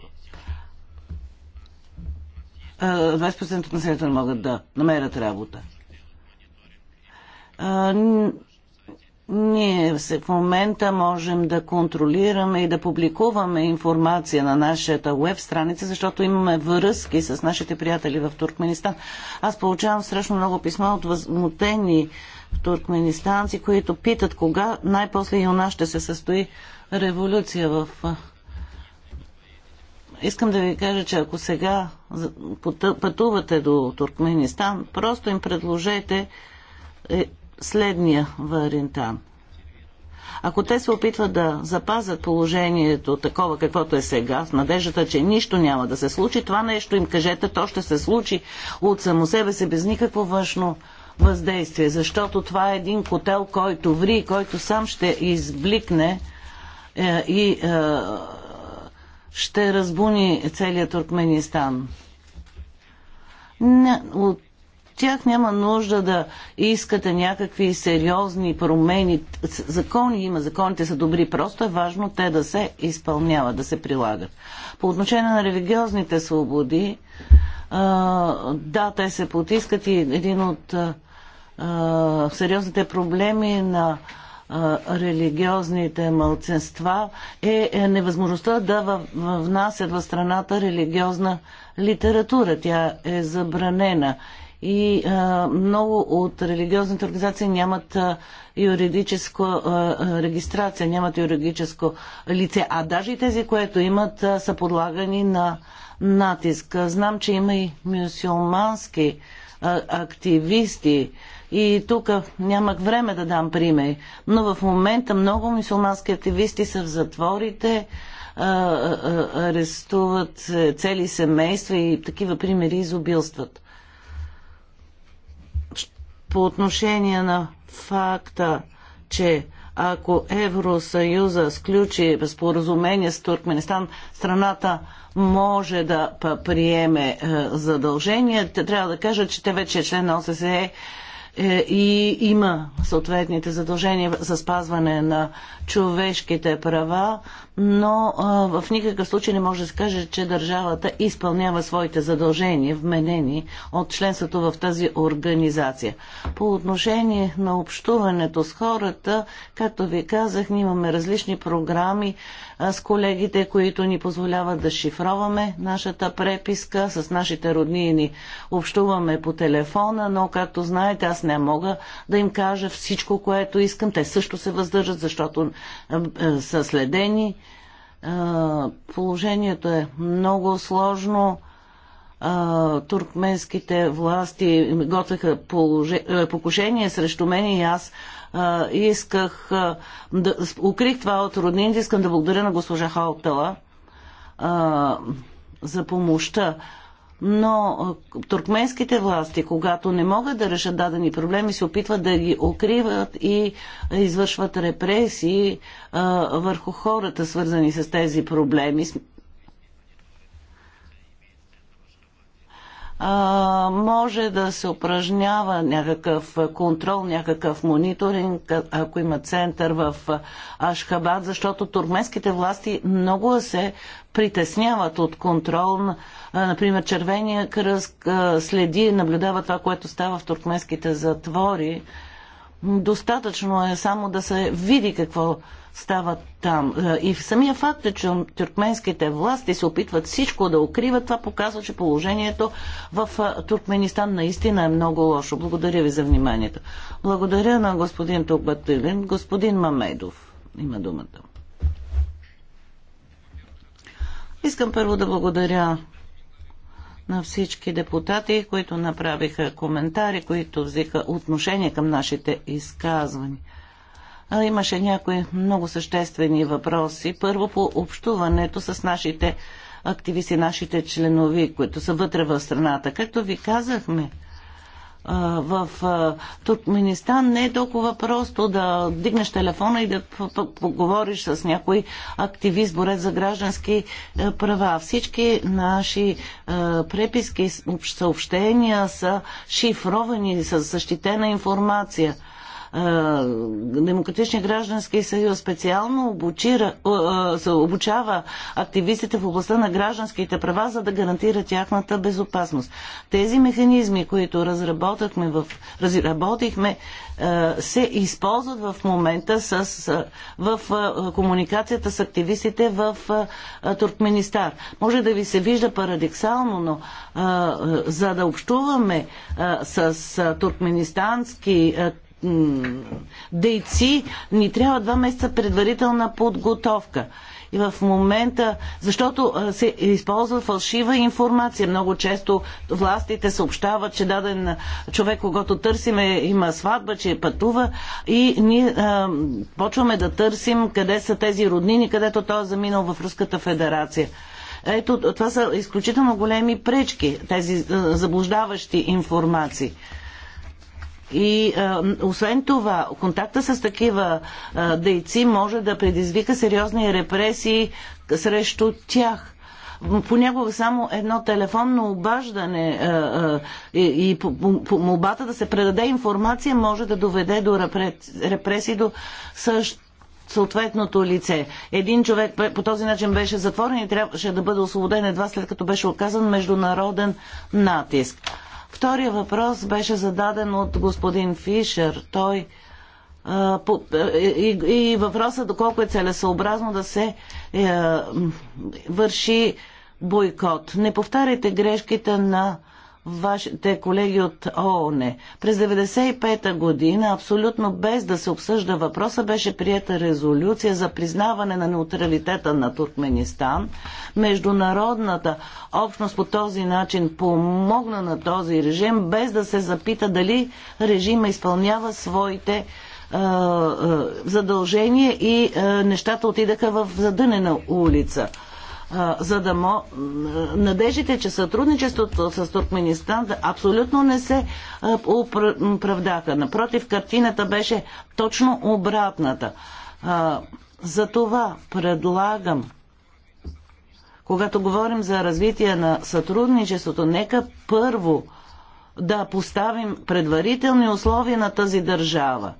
20% от населението не могат да намерят работа ние в момента можем да контролираме и да публикуваме информация на нашата веб страница, защото имаме връзки с нашите приятели в Туркменистан. Аз получавам страшно много писма от възмутени туркменистанци, които питат кога най-после и у нас ще се състои революция в искам да ви кажа, че ако сега пътувате до Туркменистан, просто им предложете е, следния вариантан. Ако те се опитват да запазят положението такова, каквото е сега, в надеждата, че нищо няма да се случи, това нещо им кажете, то ще се случи от само себе си, без никакво външно въздействие, защото това е един котел, който ври, който сам ще избликне е, и е, ще разбуни целият Туркменистан. Не, от тях няма нужда да искате някакви сериозни промени. Закони има, законите са добри, просто е важно те да се изпълняват, да се прилагат. По отношение на религиозните свободи, да, те се потискат и един от сериозните проблеми на религиозните мълценства е, е невъзможността да внасят в страната религиозна литература. Тя е забранена и а, много от религиозните организации нямат а, юридическо а, регистрация, нямат юридическо лице, а даже и тези, които имат, а, са подлагани на натиск. Знам, че има и мюсюлмански а, активисти и тук нямах време да дам пример, но в момента много мюсюлмански активисти са в затворите, арестуват цели семейства и такива примери изобилстват по отношение на факта, че ако Евросъюза сключи споразумение с Туркменистан, страната може да приеме е, задължения. Трябва да кажа, че те вече е член на ОССЕ е, и има съответните задължения за спазване на човешките права, но в никакъв случай не може да се каже, че държавата изпълнява своите задължения, вменени от членството в тази организация. По отношение на общуването с хората, както ви казах, ние имаме различни програми с колегите, които ни позволяват да шифроваме нашата преписка с нашите роднини. Общуваме по телефона, но както знаете, аз не мога да им кажа всичко, което искам. Те също се въздържат, защото са следени. Положението е много сложно. Туркменските власти готвеха е, покушение срещу мен и аз исках да укрих това от роднините. Искам да благодаря на госпожа Халтала за помощта но туркменските власти, когато не могат да решат дадени проблеми, се опитват да ги укриват и извършват репресии а, върху хората, свързани с тези проблеми. а, може да се упражнява някакъв контрол, някакъв мониторинг, ако има център в Ашхабад, защото туркменските власти много се притесняват от контрол. Например, Червения кръст следи, наблюдава това, което става в туркменските затвори Достатъчно е само да се види какво става там. Е, и в самия факт, е, че тюркменските власти се опитват всичко да укриват, това показва, че положението в е, Туркменистан наистина е много лошо. Благодаря ви за вниманието. Благодаря на господин Токбатилин. Господин Мамедов има думата. Искам първо да благодаря на всички депутати, които направиха коментари, които взеха отношение към нашите изказвани. А, имаше някои много съществени въпроси. Първо по общуването с нашите активисти, нашите членови, които са вътре в страната. Както ви казахме, в Туркменистан не е толкова просто да дигнеш телефона и да поговориш с някой активист, борец за граждански е, права. Всички наши е, преписки, съобщения са шифровани с защитена информация – Демократичния граждански съюз специално обучира, се обучава активистите в областта на гражданските права, за да гарантира тяхната безопасност. Тези механизми, които разработахме в, разработихме, се използват в момента с, в комуникацията с активистите в Туркменистан. Може да ви се вижда парадоксално, но за да общуваме с туркменистански дейци, ни трябва два месеца предварителна подготовка. И в момента, защото се използва фалшива информация. Много често властите съобщават, че даден човек, когато търсиме, има сватба, че пътува и ние а, почваме да търсим къде са тези роднини, където той е заминал в Руската федерация. Ето, това са изключително големи пречки, тези заблуждаващи информации. И а, освен това, контакта с такива а, дейци може да предизвика сериозни репресии срещу тях. Понякога само едно телефонно обаждане а, а, и, и по, по, по молбата да се предаде информация може да доведе до репресии до същ съответното лице. Един човек по този начин беше затворен и трябваше да бъде освободен едва след като беше оказан международен натиск. Втория въпрос беше зададен от господин Фишер. Той а, по, и, и въпросът доколко е целесообразно да се е, върши бойкот. Не повтаряйте грешките на вашите колеги от ООН. През 1995 година, абсолютно без да се обсъжда въпроса, беше приета резолюция за признаване на неутралитета на Туркменистан. Международната общност по този начин помогна на този режим, без да се запита дали режима изпълнява своите е, е, задължения и е, нещата отидаха в задънена улица за да мо... надеждите, че сътрудничеството с Туркменистан абсолютно не се оправдаха. Напротив, картината беше точно обратната. За това предлагам когато говорим за развитие на сътрудничеството, нека първо да поставим предварителни условия на тази държава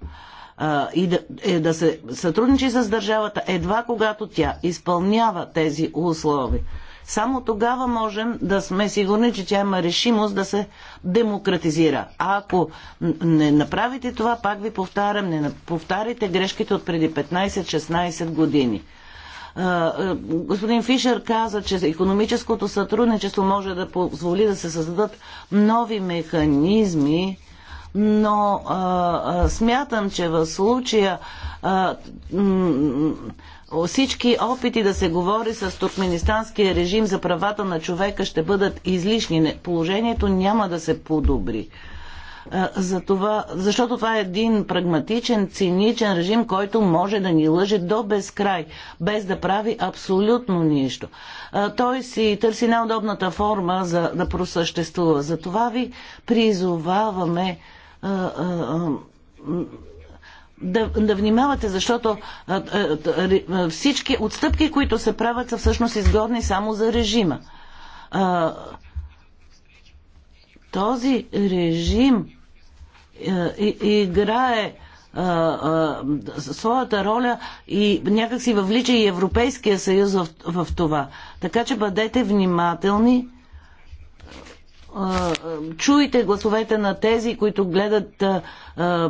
а, и да, е, да се сътрудничи с държавата едва когато тя изпълнява тези условия. Само тогава можем да сме сигурни, че тя има решимост да се демократизира. А ако не направите това, пак ви повтарям, не повтарите грешките от преди 15-16 години. Господин Фишер каза, че економическото сътрудничество може да позволи да се създадат нови механизми, но а, а, смятам, че в случая а, всички опити да се говори с туркменистанския режим за правата на човека ще бъдат излишни. Положението няма да се подобри. За това, защото това е един прагматичен, циничен режим, който може да ни лъже до безкрай, без да прави абсолютно нищо. Той си търси най-удобната форма за да просъществува. Затова ви призоваваме да, да внимавате, защото всички отстъпки, които се правят, са всъщност изгодни само за режима. този режим играе своята роля и някакси въвлича и Европейския съюз в, в това. Така че бъдете внимателни чуйте гласовете на тези, които гледат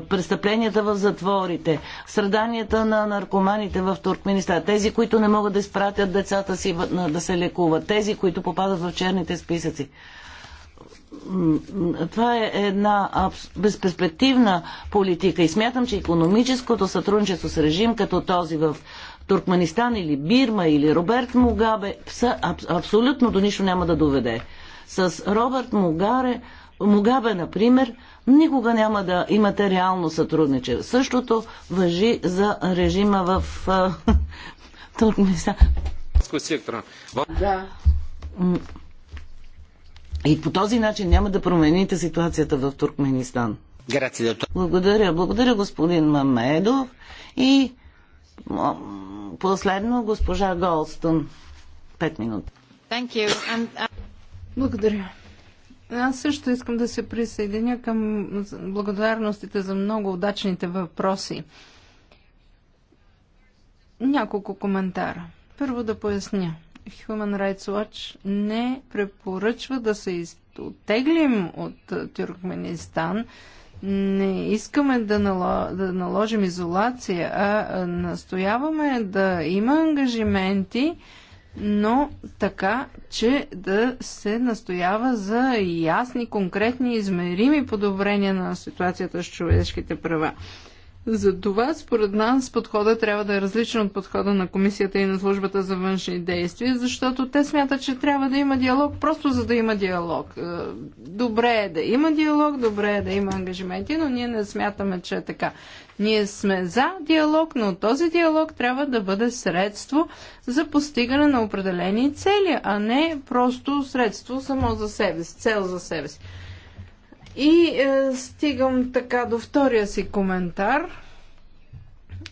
престъпленията в затворите, страданията на наркоманите в Туркменистан, тези, които не могат да изпратят децата си да се лекуват, тези, които попадат в черните списъци. Това е една безперспективна политика и смятам, че економическото сътрудничество с режим като този в Туркменистан или Бирма или Роберт Мугабе са абсолютно до нищо няма да доведе. С Робърт Мугаре, Мугабе, например, никога няма да имате реално сътрудничество. Същото въжи за режима в Туркменистан. Да. И по този начин няма да промените ситуацията в Туркменистан. Благодаря. Благодаря, господин Мамедов. И последно, госпожа Голстън. Пет минути. And... Uh, благодаря. Аз също искам да се присъединя към благодарностите за много удачните въпроси. Няколко коментара. Първо да поясня. Human Rights Watch не препоръчва да се оттеглим от Тюркменистан. Не искаме да, нало... да наложим изолация, а настояваме да има ангажименти, но така, че да се настоява за ясни, конкретни, измерими подобрения на ситуацията с човешките права. За това, според нас, подхода трябва да е различен от подхода на комисията и на службата за външни действия, защото те смятат, че трябва да има диалог, просто за да има диалог. Е, добре е да има диалог, добре е да има ангажименти, но ние не смятаме, че е така. Ние сме за диалог, но този диалог трябва да бъде средство за постигане на определени цели, а не просто средство само за себе си, цел за себе си. И е, стигам така до втория си коментар,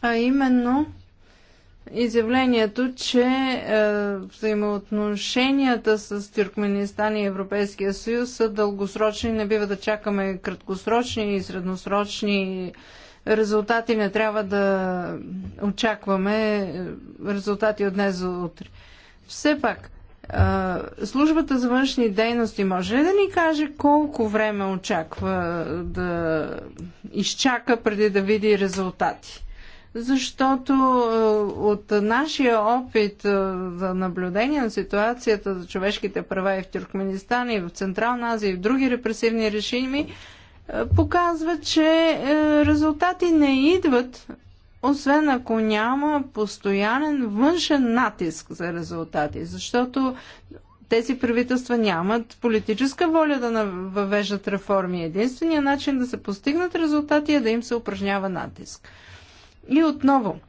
а именно изявлението, че е, взаимоотношенията с Тюркменистан и Европейския съюз са дългосрочни, не бива да чакаме краткосрочни и средносрочни резултати не трябва да очакваме резултати от днес за утре. Все пак, службата за външни дейности може ли да ни каже колко време очаква да изчака преди да види резултати? Защото от нашия опит за наблюдение на ситуацията за човешките права и в Тюркменистан, и в Централна Азия, и в други репресивни режими, показва, че е, резултати не идват, освен ако няма постоянен външен натиск за резултати, защото тези правителства нямат политическа воля да въвеждат реформи. Единственият начин да се постигнат резултати е да им се упражнява натиск. И отново,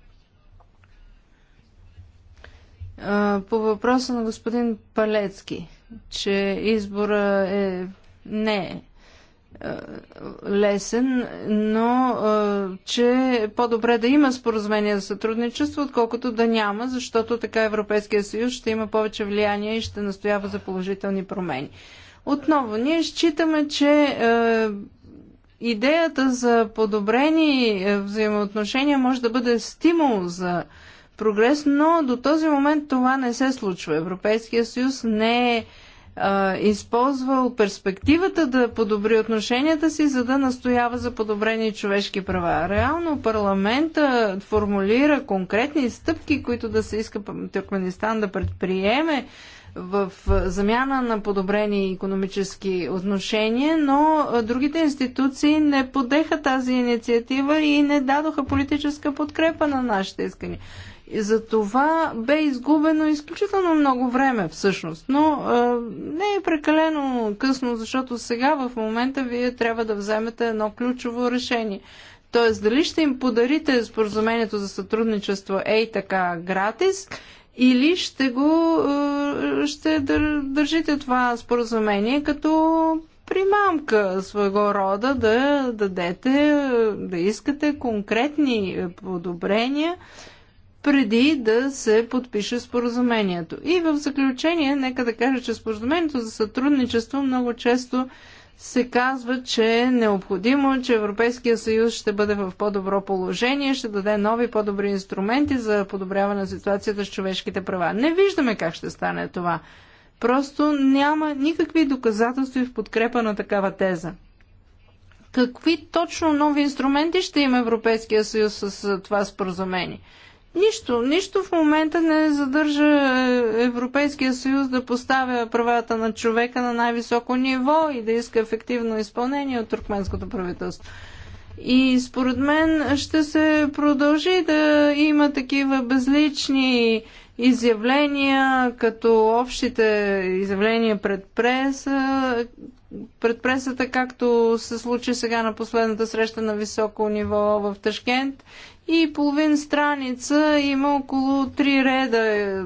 по въпроса на господин Палецки, че избора е не е лесен, но че е по-добре да има споразумение за сътрудничество, отколкото да няма, защото така Европейския съюз ще има повече влияние и ще настоява за положителни промени. Отново, ние считаме, че идеята за подобрени взаимоотношения може да бъде стимул за прогрес, но до този момент това не се случва. Европейския съюз не е а, използвал перспективата да подобри отношенията си, за да настоява за подобрени човешки права. Реално парламента формулира конкретни стъпки, които да се иска Туркменистан да предприеме в замяна на подобрени економически отношения, но другите институции не подеха тази инициатива и не дадоха политическа подкрепа на нашите искания. И за това бе изгубено изключително много време всъщност. Но а, не е прекалено късно, защото сега в момента вие трябва да вземете едно ключово решение. Тоест, дали ще им подарите споразумението за сътрудничество ей така гратис, или ще го ще държите това споразумение като примамка своего рода да дадете, да искате конкретни подобрения преди да се подпише споразумението. И в заключение, нека да кажа, че споразумението за сътрудничество много често се казва, че е необходимо, че Европейския съюз ще бъде в по-добро положение, ще даде нови по-добри инструменти за подобряване на ситуацията с човешките права. Не виждаме как ще стане това. Просто няма никакви доказателства в подкрепа на такава теза. Какви точно нови инструменти ще има Европейския съюз с това споразумение? Нищо, нищо в момента не задържа е, Европейския съюз да поставя правата на човека на най-високо ниво и да иска ефективно изпълнение от туркменското правителство. И според мен ще се продължи да има такива безлични изявления, като общите изявления пред преса, пред пресата, както се случи сега на последната среща на високо ниво в Ташкент и половин страница има около три реда е,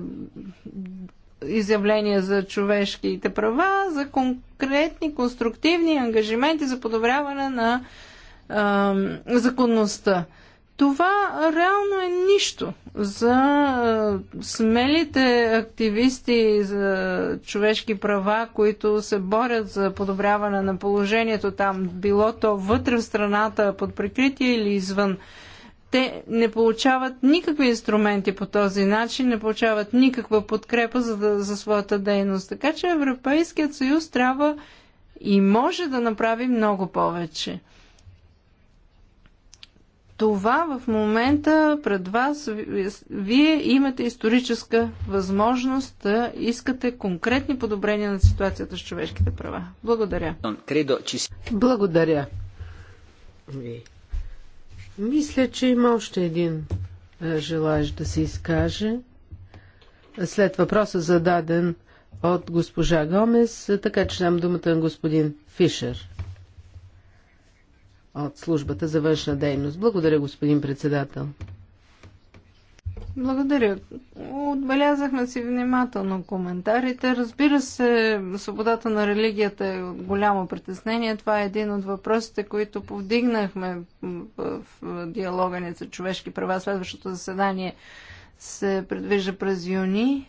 изявления за човешките права, за конкретни конструктивни ангажименти за подобряване на а, законността. Това реално е нищо за смелите активисти за човешки права, които се борят за подобряване на положението там, било то вътре в страната под прикритие или извън. Те не получават никакви инструменти по този начин, не получават никаква подкрепа за, да, за своята дейност. Така че Европейският съюз трябва и може да направи много повече. Това в момента пред вас, вие имате историческа възможност да искате конкретни подобрения на ситуацията с човешките права. Благодаря. Благодаря. Мисля, че има още един е, желаящ да се изкаже. След въпроса зададен от госпожа Гомес, е, така че дам думата на господин Фишер от службата за външна дейност. Благодаря, господин председател. Благодаря. Отбелязахме си внимателно коментарите. Разбира се, свободата на религията е голямо притеснение. Това е един от въпросите, които повдигнахме в диалога ни за човешки права. Следващото заседание се предвижда през юни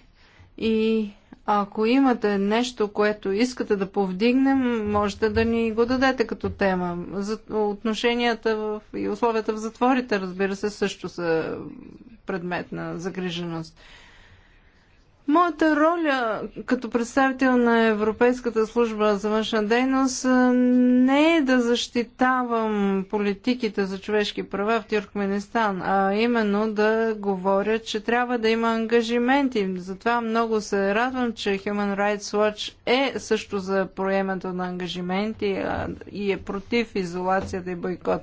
и ако имате нещо, което искате да повдигнем, можете да ни го дадете като тема. За отношенията в... и условията в затворите, разбира се, също са предмет на загриженост. Моята роля като представител на Европейската служба за външна дейност не е да защитавам политиките за човешки права в Тюркменистан, а именно да говоря, че трябва да има ангажименти. Затова много се радвам, че Human Rights Watch е също за проемането на ангажименти и е против изолацията и бойкот.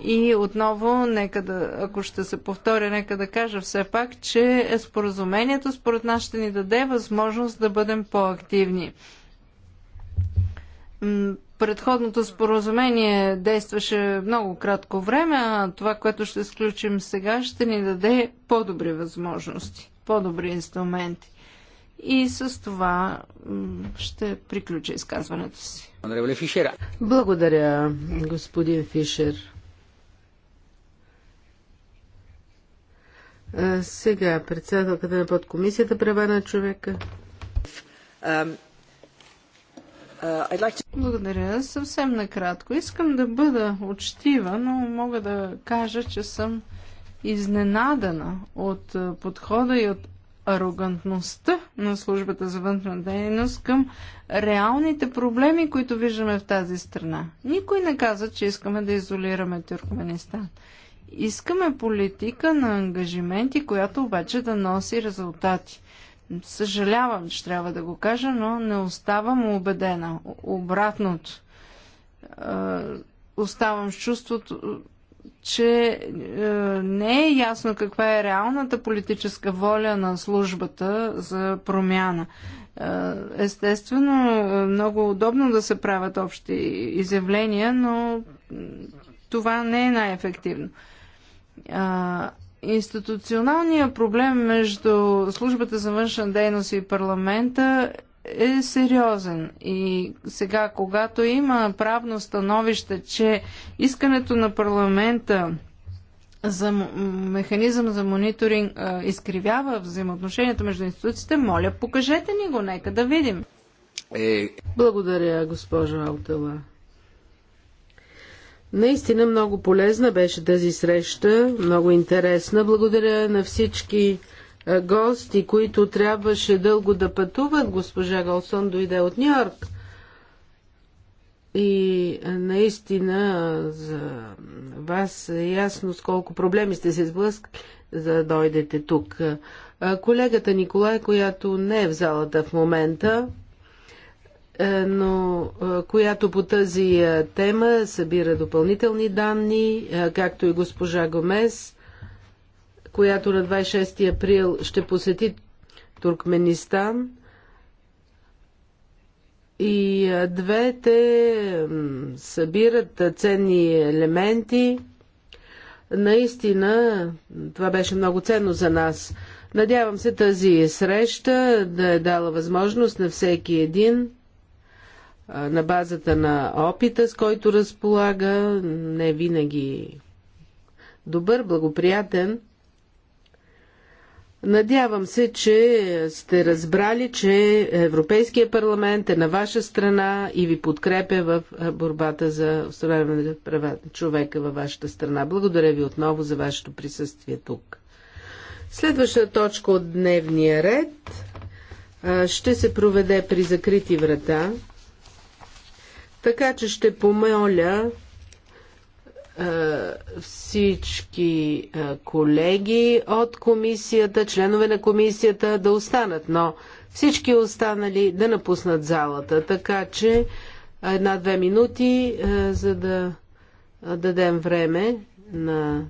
И отново, нека да, ако ще се повторя, нека да кажа все пак, че споразумението според нас ще ни даде възможност да бъдем по-активни. Предходното споразумение действаше много кратко време, а това, което ще сключим сега, ще ни даде по-добри възможности, по-добри инструменти. И с това ще приключа изказването си. Благодаря, господин Фишер. сега председателката на подкомисията права на човека. Благодаря. Съвсем накратко. Искам да бъда учтива, но мога да кажа, че съм изненадана от подхода и от арогантността на службата за външна дейност към реалните проблеми, които виждаме в тази страна. Никой не каза, че искаме да изолираме Тюркменистан. Искаме политика на ангажименти, която обаче да носи резултати. Съжалявам, че трябва да го кажа, но не оставам убедена. Обратното. Оставам с чувството, че не е ясно каква е реалната политическа воля на службата за промяна. Естествено, много удобно да се правят общи изявления, но това не е най-ефективно. А, институционалният проблем между службата за външна дейност и парламента е сериозен. И сега, когато има правно становище, че искането на парламента за механизъм за мониторинг а, изкривява взаимоотношенията между институциите, моля, покажете ни го, нека да видим. Е... Благодаря, госпожо Алтела. Наистина много полезна беше тази среща, много интересна. Благодаря на всички гости, които трябваше дълго да пътуват. Госпожа Голсон дойде от Нью-Йорк. И наистина за вас е ясно с колко проблеми сте се сблъскали, за да дойдете тук. Колегата Николай, която не е в залата в момента, е, но е, която по тази е, тема събира допълнителни данни, както и госпожа Гомес, която на 26 април ще посети Туркменистан. И двете събират ценни елементи. Наистина, това беше много ценно за нас. Надявам се тази среща да е дала възможност на всеки един на базата на опита, с който разполага, не винаги добър, благоприятен. Надявам се, че сте разбрали, че Европейския парламент е на ваша страна и ви подкрепя в борбата за установяване на права на човека във вашата страна. Благодаря ви отново за вашето присъствие тук. Следваща точка от дневния ред ще се проведе при закрити врата. Така че ще помоля всички колеги от комисията, членове на комисията да останат, но всички останали да напуснат залата. Така че една-две минути, за да дадем време на